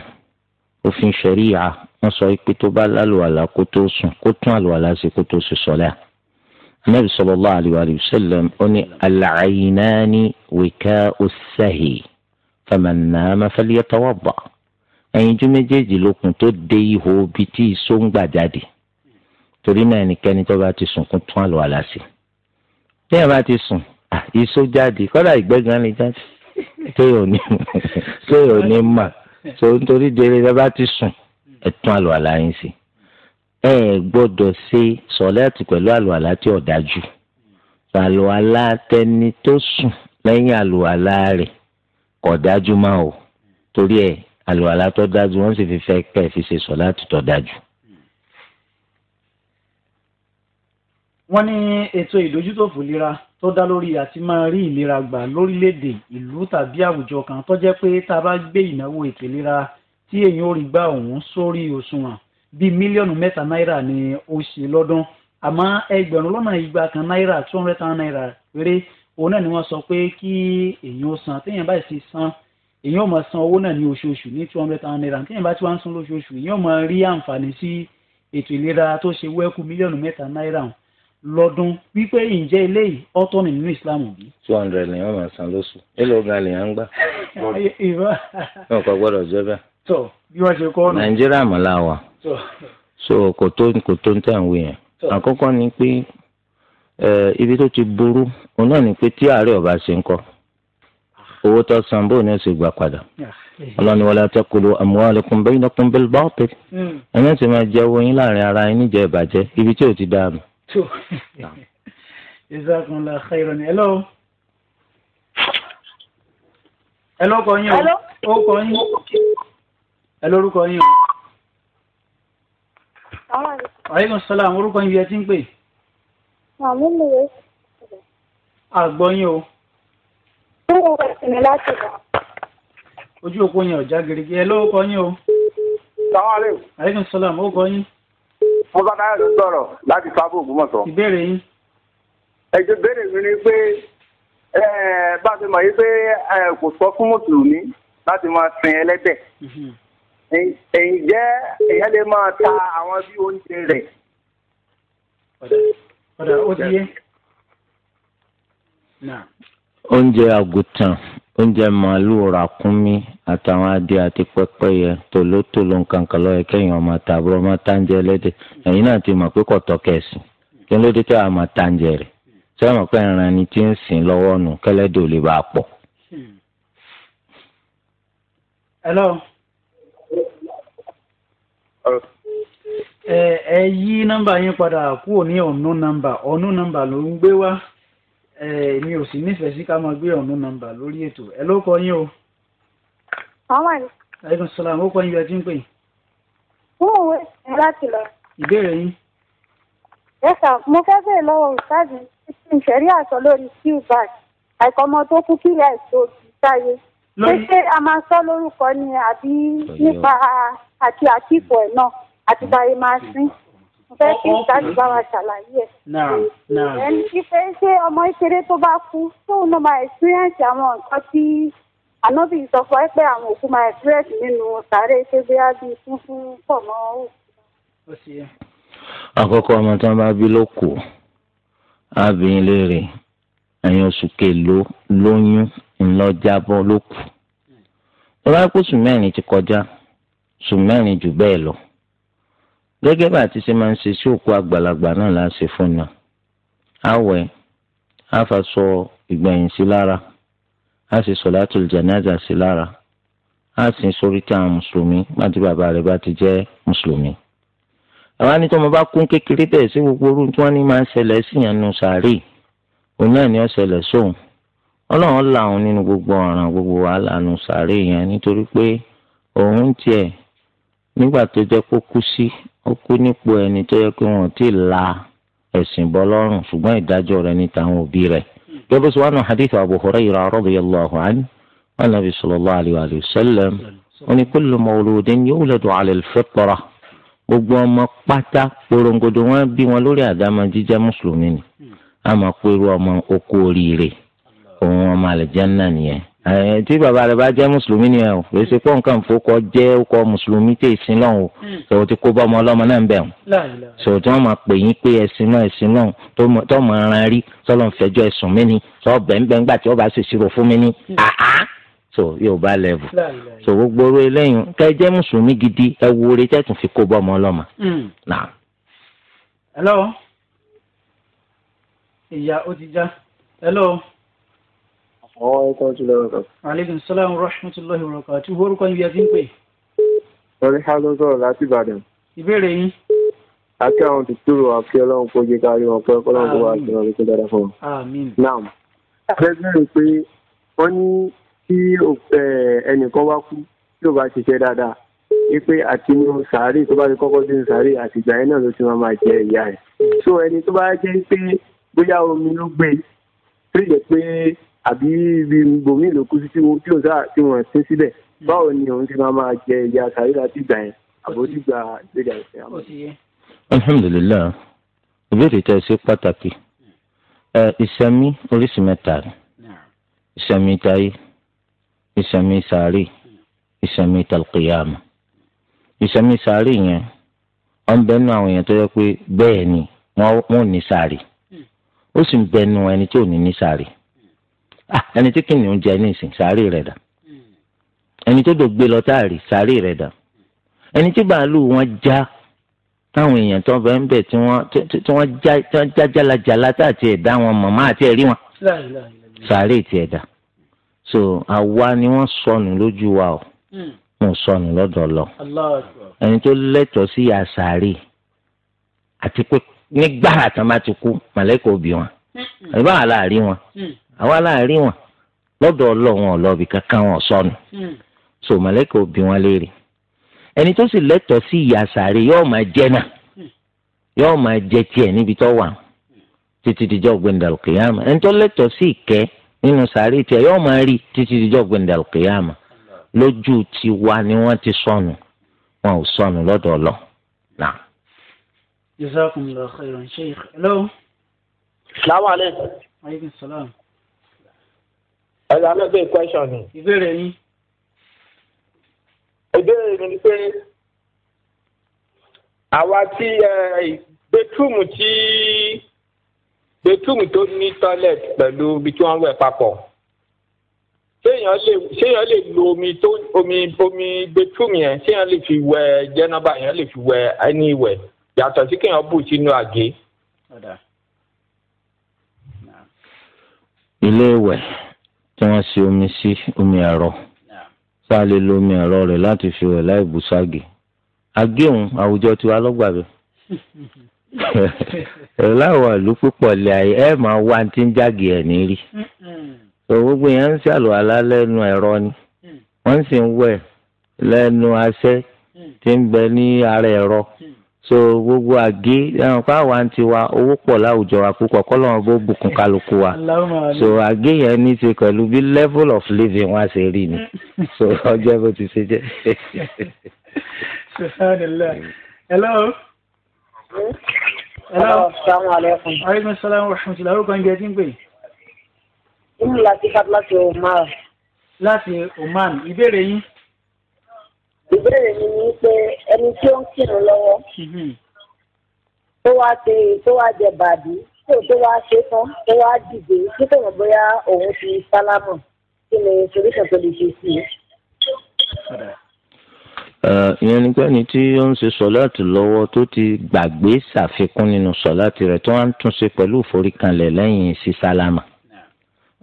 òfin ṣẹ̀ríyà wọ́n sọ pé tó bá lálùwàlà kó tó sùn kó tún àlùwàlà sí kó tó sì sọ̀lẹ́ à nabi sallallahu alayhi wa sallam ó ní alàyínáni wíkà ọsàhì fàmànàmà fàlíyàtọwọbà ẹyinjú méjèèjì lókun tó dé ihò bí tí ìsó ń gbà jáde torí náà ẹnikẹ́ni tó bá ti sùn kún tún àlọ́ àlàsì bí ẹ bá ti sùn ìsó jáde kọ́dà ìgbẹ́gàn lè jáde téèyàn ní téèyàn ní mà tó nítorí délé ẹ bá ti sùn ẹ tún àlọ́ àlàyé sí ẹ gbọ́dọ̀ ṣe sọ̀láàtì pẹ̀lú àlùwàlá tí ò dájú àlùwàlá tẹni tó sùn lẹ́yìn àlùwàlá rẹ̀ kò dájú máa o torí ẹ àlùwàlá tó dájú wọ́n sì fi fẹ́ pẹ́ fi ṣe sọ̀láàtì tó dájú. wọ́n ní ètò ìdójútòfò ìlera tó dá lórí àti máa rí ìlera gbà lórílẹ̀ ìlú tàbí àwùjọ kan tó jẹ́ pé tá a bá gbé ìnáwó ètò ìlera tí èèyàn ò rí gbà òun sórí òṣùwọ̀n bíi mílíọ̀nù mẹ́ta náírà ni ó ṣe lọ́dún àmọ́ ẹgbẹ̀rún lọ́nà igba kan náírà two hundred thousand naira rere òun náà ni wọ́n sọ pé kí èèyàn san téèyàn bá sì san èèyàn ò máa san owó náà ní oṣooṣù ní two hundred thousand naira téèyàn bá ti wá ń san lóṣooṣù èèyàn ò máa rí àǹfààní sí ètò ìlera tó ṣe wẹ́kú mílíọ̀nù mẹ́ta náírà lọ́dún wípé ǹjẹ́ eléyìí ọ̀tọ̀ ni nínú islam bí. two hundred lèèyàn máa san lóṣù èlò ga lèèyàn ń gbà. *laughs* ìwọ. náà kò jẹ́ bẹ́ẹ̀ tó bí wọ́n ṣe kọ́ ọ́nà. nàìjíríà mọ̀ la so kò tó kò tó ń tàn wí yẹn àkọ́kọ́ ni pé ibi tó ti burú òun náà ni pé tí àárẹ̀ ọba ṣe ń kọ́ owó tó san bó ni ó sì gbà padà ah, eh. ọlọ́ni wọlé atẹ́kùlù amwalakum bainakum bil batil hmm. ẹ̀mí ti máa jẹ owó yín láàrin ara yín níjẹ́ ìbàjẹ́ ibi tí ò ti dáa nù. jazakumullahu khairan hello. hello kọ́ yín o kọ́ ẹ lórúkọ yín o. aleykum salaam orúkọ yín bí ẹ ti ń pè. màmú mi rè. àgbọ̀ yín o. orúkọ ìsinmi láti gbà. ojú òpó yẹn ọ̀já gírígí ẹ lórúkọ yín o. sàmúlẹ̀. aleykum salaam orúkọ yín. mo bá dáyọ̀ ló sọ̀rọ̀ láti fábọ̀ Ògbómọ̀ṣọ́. ìbéèrè yín. ẹ̀jẹ̀ béèrè mi ni pé bá a ti mọ̀ yí pé kò sọ fún mùsùlùmí láti máa sin ẹlẹ́dẹ̀. Mhm. ǹjẹ́ èèyàn lè máa ta àwọn bí oúnjẹ rẹ̀. oúnjẹ àgùntàn oúnjẹ màálù ràkúnmí àtàwọn adìẹ àti pẹ́pẹ́yẹ tòlótòló nǹkan kan lọ́yẹ kẹ́yìn ọmọ ọmọ náà ti pé kí ló dé tí a máa táǹjẹ rẹ̀ sẹ́wọ̀n pé ẹran ni ẹ yí nọ́mbà yín padà kúrò ní ọ̀nù nọ́mbà ọ̀nù nọ́mbà ló ń gbé wá mi ò sì nífẹ̀ẹ́ sí ká máa gbé ọ̀nù nọ́mbà lórí ètò ẹ ló kọ yín o. aleykum salaam ó kọ yín bí ẹ ti ń pè. fún òwe láti lọ. ìbéèrè yín. yẹ́sà mo fẹ́ bèèrè lọ́wọ́ òṣàdì ìṣẹ̀rí àṣọ lórí q-bank àìkọ́mọ tó kú kílẹ̀ ètò ìtayé lórí. ṣé a máa sọ lórúkọ ni àbí nípa àti àtìkù ẹ̀ náà àti báyìí máa sín fẹ́ kí ìdájú bá wa ṣàlàyé ẹ̀. ẹni ife ṣé ọmọ ìṣeré tó bá kú tóun náà máa experience àwọn nǹkan tí ànábì sọ fún ẹ pé àwọn òkú máa experience nínú sàárè ṣé bóyá bíi funfun pọ̀ mọ́ àkọ́kọ́ ọmọ tí wọ́n bá bí ló kù á bí léèrè ẹ̀yin oṣù kèló lóyún ńlọ jábọ́ ló kù lọ́wọ́ kó sùn mẹ́rin ti kọjá sùn mẹ́rin jù bẹ́ẹ̀ lọ gẹ́gẹ́ bá àti ṣe máa ń ṣe sí òkú àgbàlagbà náà là ń ṣe fún náà àwẹ̀ àfàsọ ìgbẹ̀yìn sí lára a sì sọ̀látùl jánásà sí lára a sì sórí tí àwọn mùsùlùmí má ti bàbá rẹ̀ bá ti jẹ́ mùsùlùmí. àwa ní tí bá kún kékeré bẹ́ẹ̀ sí gbogbo orú tí wọ́n ní máa ń ṣẹlẹ̀ síyàn nù sàárè òun náà ni ó ṣẹlẹ̀ sóun ọlọ́run là òun nínú gbogbo ọ̀ràn gbogbo wàhálà nù sàárè yẹn nítorí pé òun tiẹ̀ nígbà tó jẹ́ kó kú sí ó kú nípò ẹni tó yẹ kó wọn ti la ẹ̀sìn bọ́ lọ́rùn ṣùgbọ́n ìdájọ́ rẹ̀ ní tàwọn òbí rẹ̀ gẹ́gẹ́ sọ wánú hadith Abu Hurairah radiyallahu anhu wọn nàbí sallallahu alayhi wa sallam ó ní kullu mawludin yuladu ala al-fitra gbogbo ọmọ pátá porongodo wọn bí wọn lórí àdámọ́ jíjẹ́ mùsùlùmí ni àmọ́ pé ọmọ okú oríire òun ọmọ àlìjánná nìyẹn tí bàbá rẹ bá jẹ́ mùsùlùmí ni ẹ ò fèé ṣe pé nǹkan fòkọ jẹ́ ọkọ mùsùlùmí tẹ ìsìn lọ́hùn tó hmm. ti kó bá ọmọ ọlọ́mọ náà ń bẹ̀ wọ́n sọ tí wọ́n máa pè yín pé ẹ̀sìn náà ẹ̀sìn náà tó mọ ara rí sọlọ́ ń fẹjọ́ ẹ̀sùn mi ni tó bẹ́ńbẹ́ ńgbà tí wọ́n bá ṣèṣirò fún mi ni hmm. àá tó yóò bá lẹ́bù tó gbogbo oró eléyìí kẹ́ jẹ́ mùsùlùmí gidi ẹ wo orí tẹ́ hmm. hello ìyá ó ti já hello aleykum salaam wa rahmatulahi wa barakatu orúkọ ibi àti ń pè. sọrí háló sọ̀rọ̀ láti ìbàdàn. ìbéèrè yín. àti àwọn tìtúrò àfi ọlọ́run kó jẹ́ kárí wọn pé ọlọ́run kó wà á sọ̀rọ̀ lókè dáadáa fún wọn. naam fẹ́ẹ́ pé wọ́n ní tí ẹnìkan wá kú tí ò bá ṣiṣẹ́ dáadáa wípé àti inú sàárì tó bá ti kọ́kọ́ sínú sàárì àti ìgbà yẹn náà ló ti máa máa jẹ ìyá rẹ̀. so ẹni tó bá jẹ́ pé bóyá omi ló gbé tó yẹ pé àbí ibi gbòmí ló kú sí tí wọn tí wọn sin síbẹ̀ hmm. báwo ni òun ti máa máa jẹ ìyá sàríra ti gbà yẹn àbò ti gba ìgbéga ìsìn àmọ́. alhamdulilayi ìbéèrè tẹ ṣe pàtàkì ẹ ìsẹmí oríṣi mẹ́ta rẹ ìsẹmí táyé ìsẹmí sàárè ìsẹmí talqiyama ìsẹmí sàárè yẹn wọn bẹnu àwọn èèyàn tó yẹ pé bẹ́ẹ̀ ni wọn ò ní sàárè hmm. ó sì ń bẹnu ẹni tí ò ní ní sàárè ẹni tí kìnìún jẹ ní ìsìn sàárè rẹ̀ dà ẹni tó dò gbé lọ táàrí sàárè rẹ̀ dà ẹni tí bàálù wọn já táwọn èèyàn tó bẹ ń bẹ tí wọn tí wọn já tí wọn já jalajala tá àti ẹ̀dá wọn màmá àti ẹ̀rí wọn sàárè ti ẹ̀dá so àwa ni wọ́n sọnù lójú wa o wọ́n sọnù lọ́dọ̀ lọ ẹni tó lẹ́tọ̀ọ́ sí àsàárè àti pé nígbà àtàmátìkú màlẹ́kọ̀ọ́ bí wọn àbí báwa láàrin wọn àwa láàrin wọn lọ́dọ̀ Ọlọ́run ọlọbi kankan wọn sọnù hmm. so mọlẹkẹ òbí wọn léèrè ẹni tó sì lẹ́tọ̀ọ́ sí ìyà sàárè yóò máa jẹ náà hmm. yóò máa jẹ tiẹ̀ níbi tó wà títí dijọ́ gbẹndàlùkìyàmà ẹni tó lẹ́tọ̀ọ́ sí ìkẹ́ nínú sàárè tiẹ̀ yóò máa rí títí dijọ́ gbẹndàlùkìyàmà lójú tiwa ni wọ́n ti sọnù wọn ò sọnù lọ́dọ̀ Ọlọ́run náà. jazakumullahu khairan sheikh hello. salaamaleykum. aleykum salaam ẹ̀dá náà bẹ́ẹ̀ question ni. ìbéèrè yín. ìbéèrè mi ni pé àwa tí bẹtúmù tí bẹtúmù tó ní toilet pẹ̀lú ibi tí wọ́n wẹ̀ papọ̀ séèyàn lè séèyàn lè lo omi tó omi omi bẹtúmù yẹn séèyàn lè fi wẹ̀ jẹnaba yẹn lè fi wẹ̀ ẹni ìwẹ̀ yàtọ̀ sí kéèyàn bù sínú àgé. ilé ìwẹ̀. wọ́n ṣe omi sí omi ẹ̀rọ sáà lè lo omi ẹ̀rọ rẹ̀ láti fi wẹ̀ láì bù ságì agéhùn àwùjọ tiwa lọ́gbà be *laughs* láwọn ìlú púpọ̀ lè ayé ẹ máa wá ní tí ń jáde ẹ̀ ní rí gbogbo yẹn ń ṣàlù àlá lẹ́nu ẹ̀rọ ni mm. wọ́n sì ń wẹ̀ lẹ́nu asẹ́ mm. tí ń bẹ ní ara ẹ̀rọ. Mm. so gbogbo àgé ẹran pa wà ń tiwa owó pọ̀ láwùjọ wa púpọ̀ kọ́lọ́run bó bùkún kálukú wa so àgé yẹn ní ti pẹ̀lú bí level of living wa ṣe rí ni so *laughs* ọjọ́ bó ti ṣe jẹ́. hello. hello. salaamaleykum. aleykum salaam wa rahmatulah orúkọ ń jẹ́ tí ń pè. inú láti fat láti Oman. láti Oman ìbéèrè yín ìbéèrè mi ni pé ẹni tí ó ń kírun lọ́wọ́ mhm. tó wá ṣe tó wá jẹ bàdí tó tó wá ṣe tán tó wá dìde tí kò mọ̀ bóyá òun ti sálámù kí ni solution tó lè ṣe sí i. ìyẹn ni pẹ́ni tí ó ń ṣe sọ́láàtì lọ́wọ́ tó ti gbàgbé ṣàfikún nínú sọ́láàtì rẹ̀ tó wá ń túnṣe pẹ̀lú ìforíkanlẹ̀ lẹ́yìn sí sálámà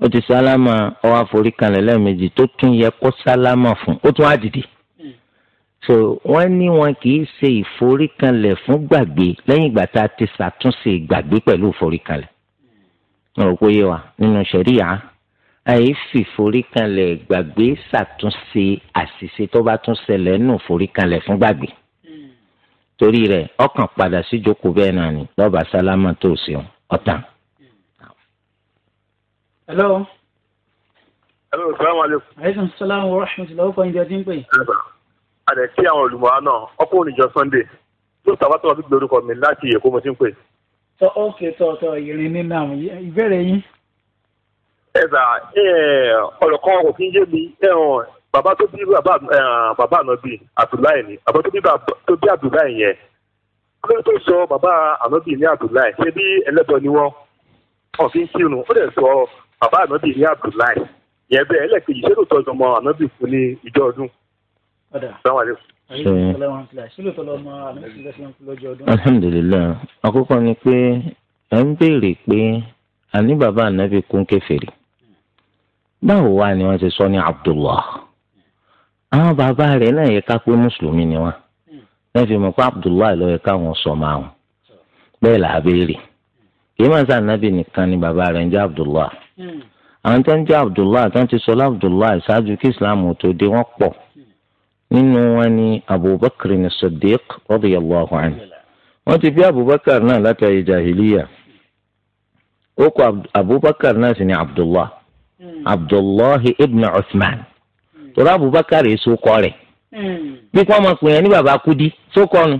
ó ti sálámà ó wá lẹ́ẹ̀mejì tó tún yẹ kó sálámà fún ó tún á dìde so wọ́n ní wọn kì í ṣe ìforíkanlẹ̀ fún gbàgbé lẹ́yìn ìgbà tá a ti ṣàtúnṣe gbàgbé pẹ̀lú ìforíkanlẹ̀ wọn rò pé yé wa nínú ṣẹ̀ríyà àyè fìforíkanlẹ̀ gbàgbé ṣàtúnṣe àṣìṣe tó bá tún ṣẹlẹ̀ nù foríkanlẹ̀ fún gbàgbé torí rẹ̀ ọkàn padà sí jókòó bẹ́ẹ̀ náà ni lọ́ba sálámà tó ṣeun ọ̀tàn. hello. hello salaamaleykum. aleykum salaam wa rahmatulah ọkọ ìjọ tí ń pè adẹ̀ kí àwọn olùmọ̀ra náà ọkùnrin ìjọ Sunday yóò tàbá tó wà sí lórúkọ mi láti Èkó mo ti ń pè. tọ ókè tọ̀tọ̀ ìrìn nínú àwọn ìbéèrè yín. ẹ sà ọ̀rọ̀ kan kò kí ń yé mi bàbá tó bí bàbá ànábì Abdullahi ni bàbá tó bí Abdullahi yẹn kí ló tó sọ bàbá ànábì ní Abdullahi ṣé bí ẹlẹ́bọ ni wọ́n wọn fi ń kírun ó dẹ̀ sọ bàbá ànábì ní Abdullahi yẹn bẹ́ẹ̀ ẹlẹ́kejì ṣé lóòótọ́ ìjọmọ ànábì fún ní ìjọ ọdún alhamdulilayi àkọ́kọ́ ni pé ẹ ń béèrè pé àní bàbá ànábì kún kèfèrí báwo wá ni wọ́n ti sọ ní abdullah àwọn bàbá rẹ̀ náà yẹ ká pé mùsùlùmí ni wọ́n náà fi mọ̀ pé abdullah ló yẹ káwọn sọ máa wọn bẹ́ẹ̀ là á béèrè kì í máa sá ànábì nìkan ni bàbá rẹ̀ ń jẹ́ abdullah hmm. àwọn tó ń jẹ́ abdullah tó ń ti sọ lábdullah ṣáájú kí islam tó dé wọ́n pọ̀ nínú wọn ni abubakar ní sadiq radiyallahu anhu wọ́n ti bí abubakar náà látàrí jahiliya ó kọ abubakar náà sì ní abdullah hmm. abdullahi ibn uthman hmm. torí abubakar yìí sókọ rẹ̀ hmm. bí kò máa pè yẹn ní baba kudi sókọ nu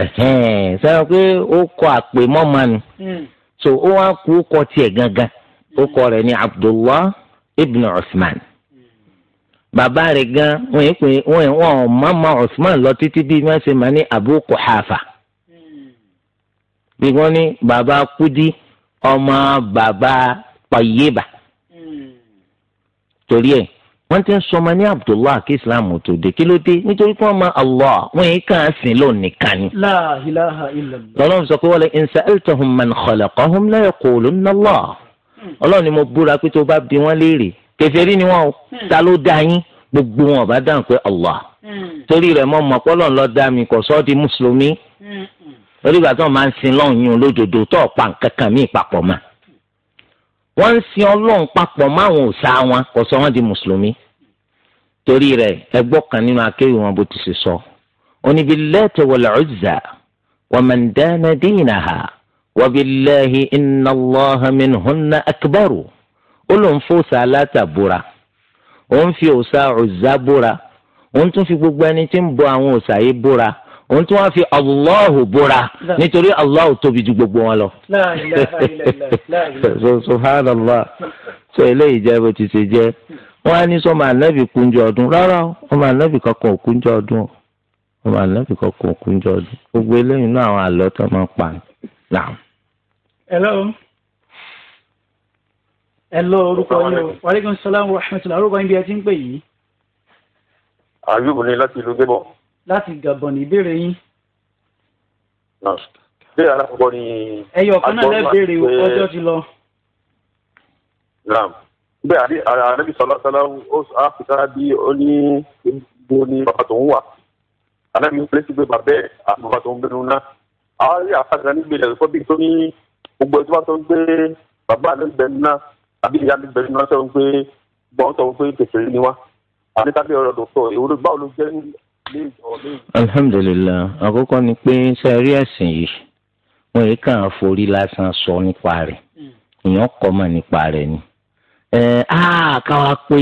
eh, sẹ́yìn pé ó kọ àpè mọ́mánu so ó wá kú ó kọ tiẹ̀ gangan ó kọ rẹ̀ ní abdullah ibn uthman bàbá rẹ̀ gan wọn yìí pé wọn wọn mama Usman lọ títí bí wọn ṣe máa ní Abu Kuhafa bí wọn ní bàbá Kudi ọmọ bàbá Tayyeba torí ẹ̀ wọn ti ń sọmọ ní Abdullah kí Islam tó dé kí ló dé nítorí pé wọn mọ Allah wọn yìí kàn án sìn lóun nìkan lọ́lọ́run sọ pé wọ́n lè in sa'altahum man khalaqahum la yaqulunna Allah hmm. ọlọ́run ni mo búra pé tó bá bi wọ́n léèrè kèfèrí ni wọn o hmm. ta ló dá yín gbogbo wọn bá dáhùn pé allah hmm. torí rẹ̀ mọ mọ pọlọ ńlọ dá mi kò sọ di mùsùlùmí hmm, torí ìgbà tí wọn máa ń sin lọ́hùn-ún lódodo tó ọ̀pá nǹkan kan mí papọ̀ mọ́ wọ́n ń sin ọlọ́run papọ̀ mọ́ àwọn òòṣà wọn kò sọ di mùsùlùmí torí rẹ̀ ẹgbọ́ kan nínú akéwì wọn bó ti ṣe sọ oníbillati wal uzza wa man dana dinaha ó lòun fòòsà aláta búra òun fi bura, Uzza búra òun tún fi gbogbo ẹni tí ń bọ àwọn òòsà yìí búra òun tún fi Allahu búra nítorí Allahu tóbi gbogbo wọn lọ. subhanallah so eléyìí jẹ́ bó ti ṣe jẹ́ je, á ní ànábì kúnjọ ọdún rárá ọmọ ànábì kankan òkúnjọ ọdún ọmọ ànábì kankan òkúnjọ ọdún gbogbo eléyìí Hello orúkọ yín o waaleykum salaam wa rahmatulah orúkọ yín bí ẹ ti ń pè yìí. àyùbù ni láti ìlú gébọ. láti gàbọ̀n ní ìbéèrè yín. ṣé alákọ̀ọ́ ni. ẹyọ kan náà lẹ́bẹ̀rẹ̀ ọjọ́ ti lọ. naam bẹ́ẹ̀ àdé àrẹ́bí ó áfíríkà bí ó ní gbogbo ní bàbá tó ń wà àrẹ́bí pẹ́lẹ́sì pé bàbá ẹ̀ àti bàbá tó ń gbénu náà àwọn àrẹ́bí àfáàkà nígbèrè ẹ̀kọ́ bí tó ní gbogbo ẹ̀tọ́ bá tó ń gbé bàbá àdébẹ̀ náà àbí ìyá mi bẹ̀rẹ̀ náà sọ pé gbọ́n sọ pé kẹfẹ́rẹ́ ni wá àbí tábí ọ̀rọ̀ dòtọ̀ èwo báwo ló jẹ́ ilé ìjọ ilé ìjọ. alhamdulilayi àkọ́kọ́ ni pé sẹ́rí ẹ̀sìn yìí wọ́n yìí kàn án forí lásán sọ nípa rẹ̀ èèyàn kọ́ mọ̀ nípa rẹ̀ ni káwa pé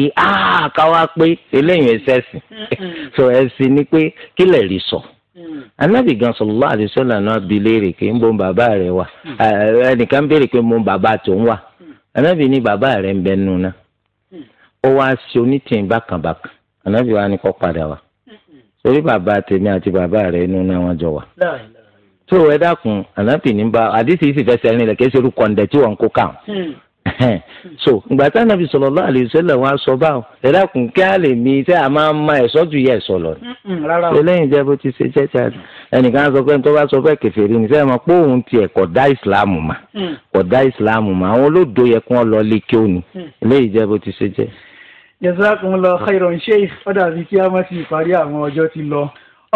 káwa pé eléyìí ẹsẹ̀ ẹ̀sìn mm-hmm. so ẹ̀sìn ni pé kílẹ̀ rí sọ. So mm. anabi gan sallallahu alaihi wasallam náà bi léèrè pé ń bọ bàbá rẹ wà mm. ẹnìkan béèrè pé ń bọ bàbá tòun wà anabi ní baba rẹ̀ ń bẹ nù náà ó wá ṣe onítìyìn bákànbákàn anabi wa ni kó padà wá torí bàbá tèmi àti bàbá rẹ̀ inú náà wọ́n jọ wà tó ẹ dákun ànábì ní bá àdìsí sì fẹsẹ̀ rìn lẹ̀ ṣe orúkọ ǹdẹ̀ tí wọ́n ń kó kàn. so ìgbà tí ànábì sallallahu alaihi wasallam wá sọ báwọn ẹ dákun kí á lè mi tẹ́ a máa ma ẹ̀sọ́ ju yẹ ẹ̀sọ́ lọ. eléyìí jẹ́ bó ti ṣe jẹ́ jáde ẹnìkan sọ pé tó bá sọ pé kèfèrí ni sẹ́yìn mọ̀ pé òun tiẹ̀ kò dá ìsìláàmù mà hmm. kò dá ìsìláàmù mà àwọn olódò yẹ kí wọ́n lọ lé kí ó hmm. eléyìí jẹ́ bó ti ṣe jẹ́. jazakumullahu khairan sheikh ọ̀dà bíi kí a má ti parí àwọn ọjọ́ ti lọ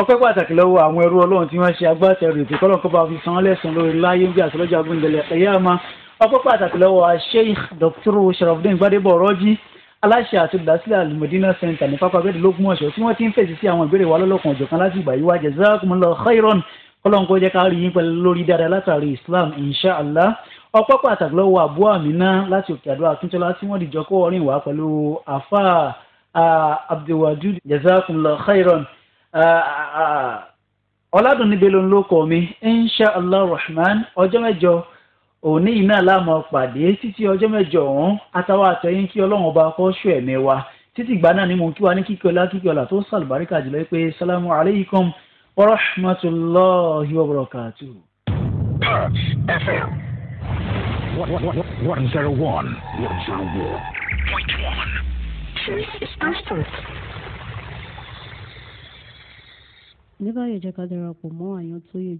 ọpẹ́ pàtàkì lọ́wọ́ àwọn ẹrú ọlọ́run tí wọ́n ṣe agbátẹrù ètò kọ́lọ́n kọ́ba fi san lẹ́sùn lórí láyé bí àtọ́lọ́jà gbọ́ndẹ̀lẹ̀ ẹ̀yà máa ọpẹ́ pàtàkì lọ́wọ́ sheikh dr sharafdin gbadebo rọ́jí aláṣẹ àti olùdásílẹ̀ alimọ̀dínà center ní pápá abẹ́rẹ́ lógún ọ̀ṣọ́ tí wọ́n ti ń fèsì sí àwọn ìbéèrè wa lọ́lọ́kan ọ̀jọ̀kan láti ìgbà yìí wá jazakumullahu khairan kọ́lọ́n kó jẹ́ ká rí yín pẹ̀lú lórí dáadáa látàrí islam inshàlá ọpẹ́ pàtàkì lọ́wọ́ àbú àmínà láti òkè àdó akíntọ́lá tí wọ́n dìjọ kó ọrìn wá pẹ̀lú afa abdulwadud jazakumullahu khairan khairon níbi ló ń lókọ̀ mi inshàlá rahman ọjọ́ mẹ́jọ òní iná láàmú pàdé títí ọjọ́ mẹ́jọ ọ̀hún àtàwọn àtẹ̀yìn kí ọlọ́run ọba kọ́ ṣù ẹ̀mí wa títí ìgbà náà ni mò ń kí wa ní kíkí ọlá kíkí ọlá tó sàlùbáríkà jùlọ pé sálámù aleykum wa rahmatulahi wa barakatuh. ní báyìí jẹ́ ká darapọ̀ mọ́ àyàn tó yẹ.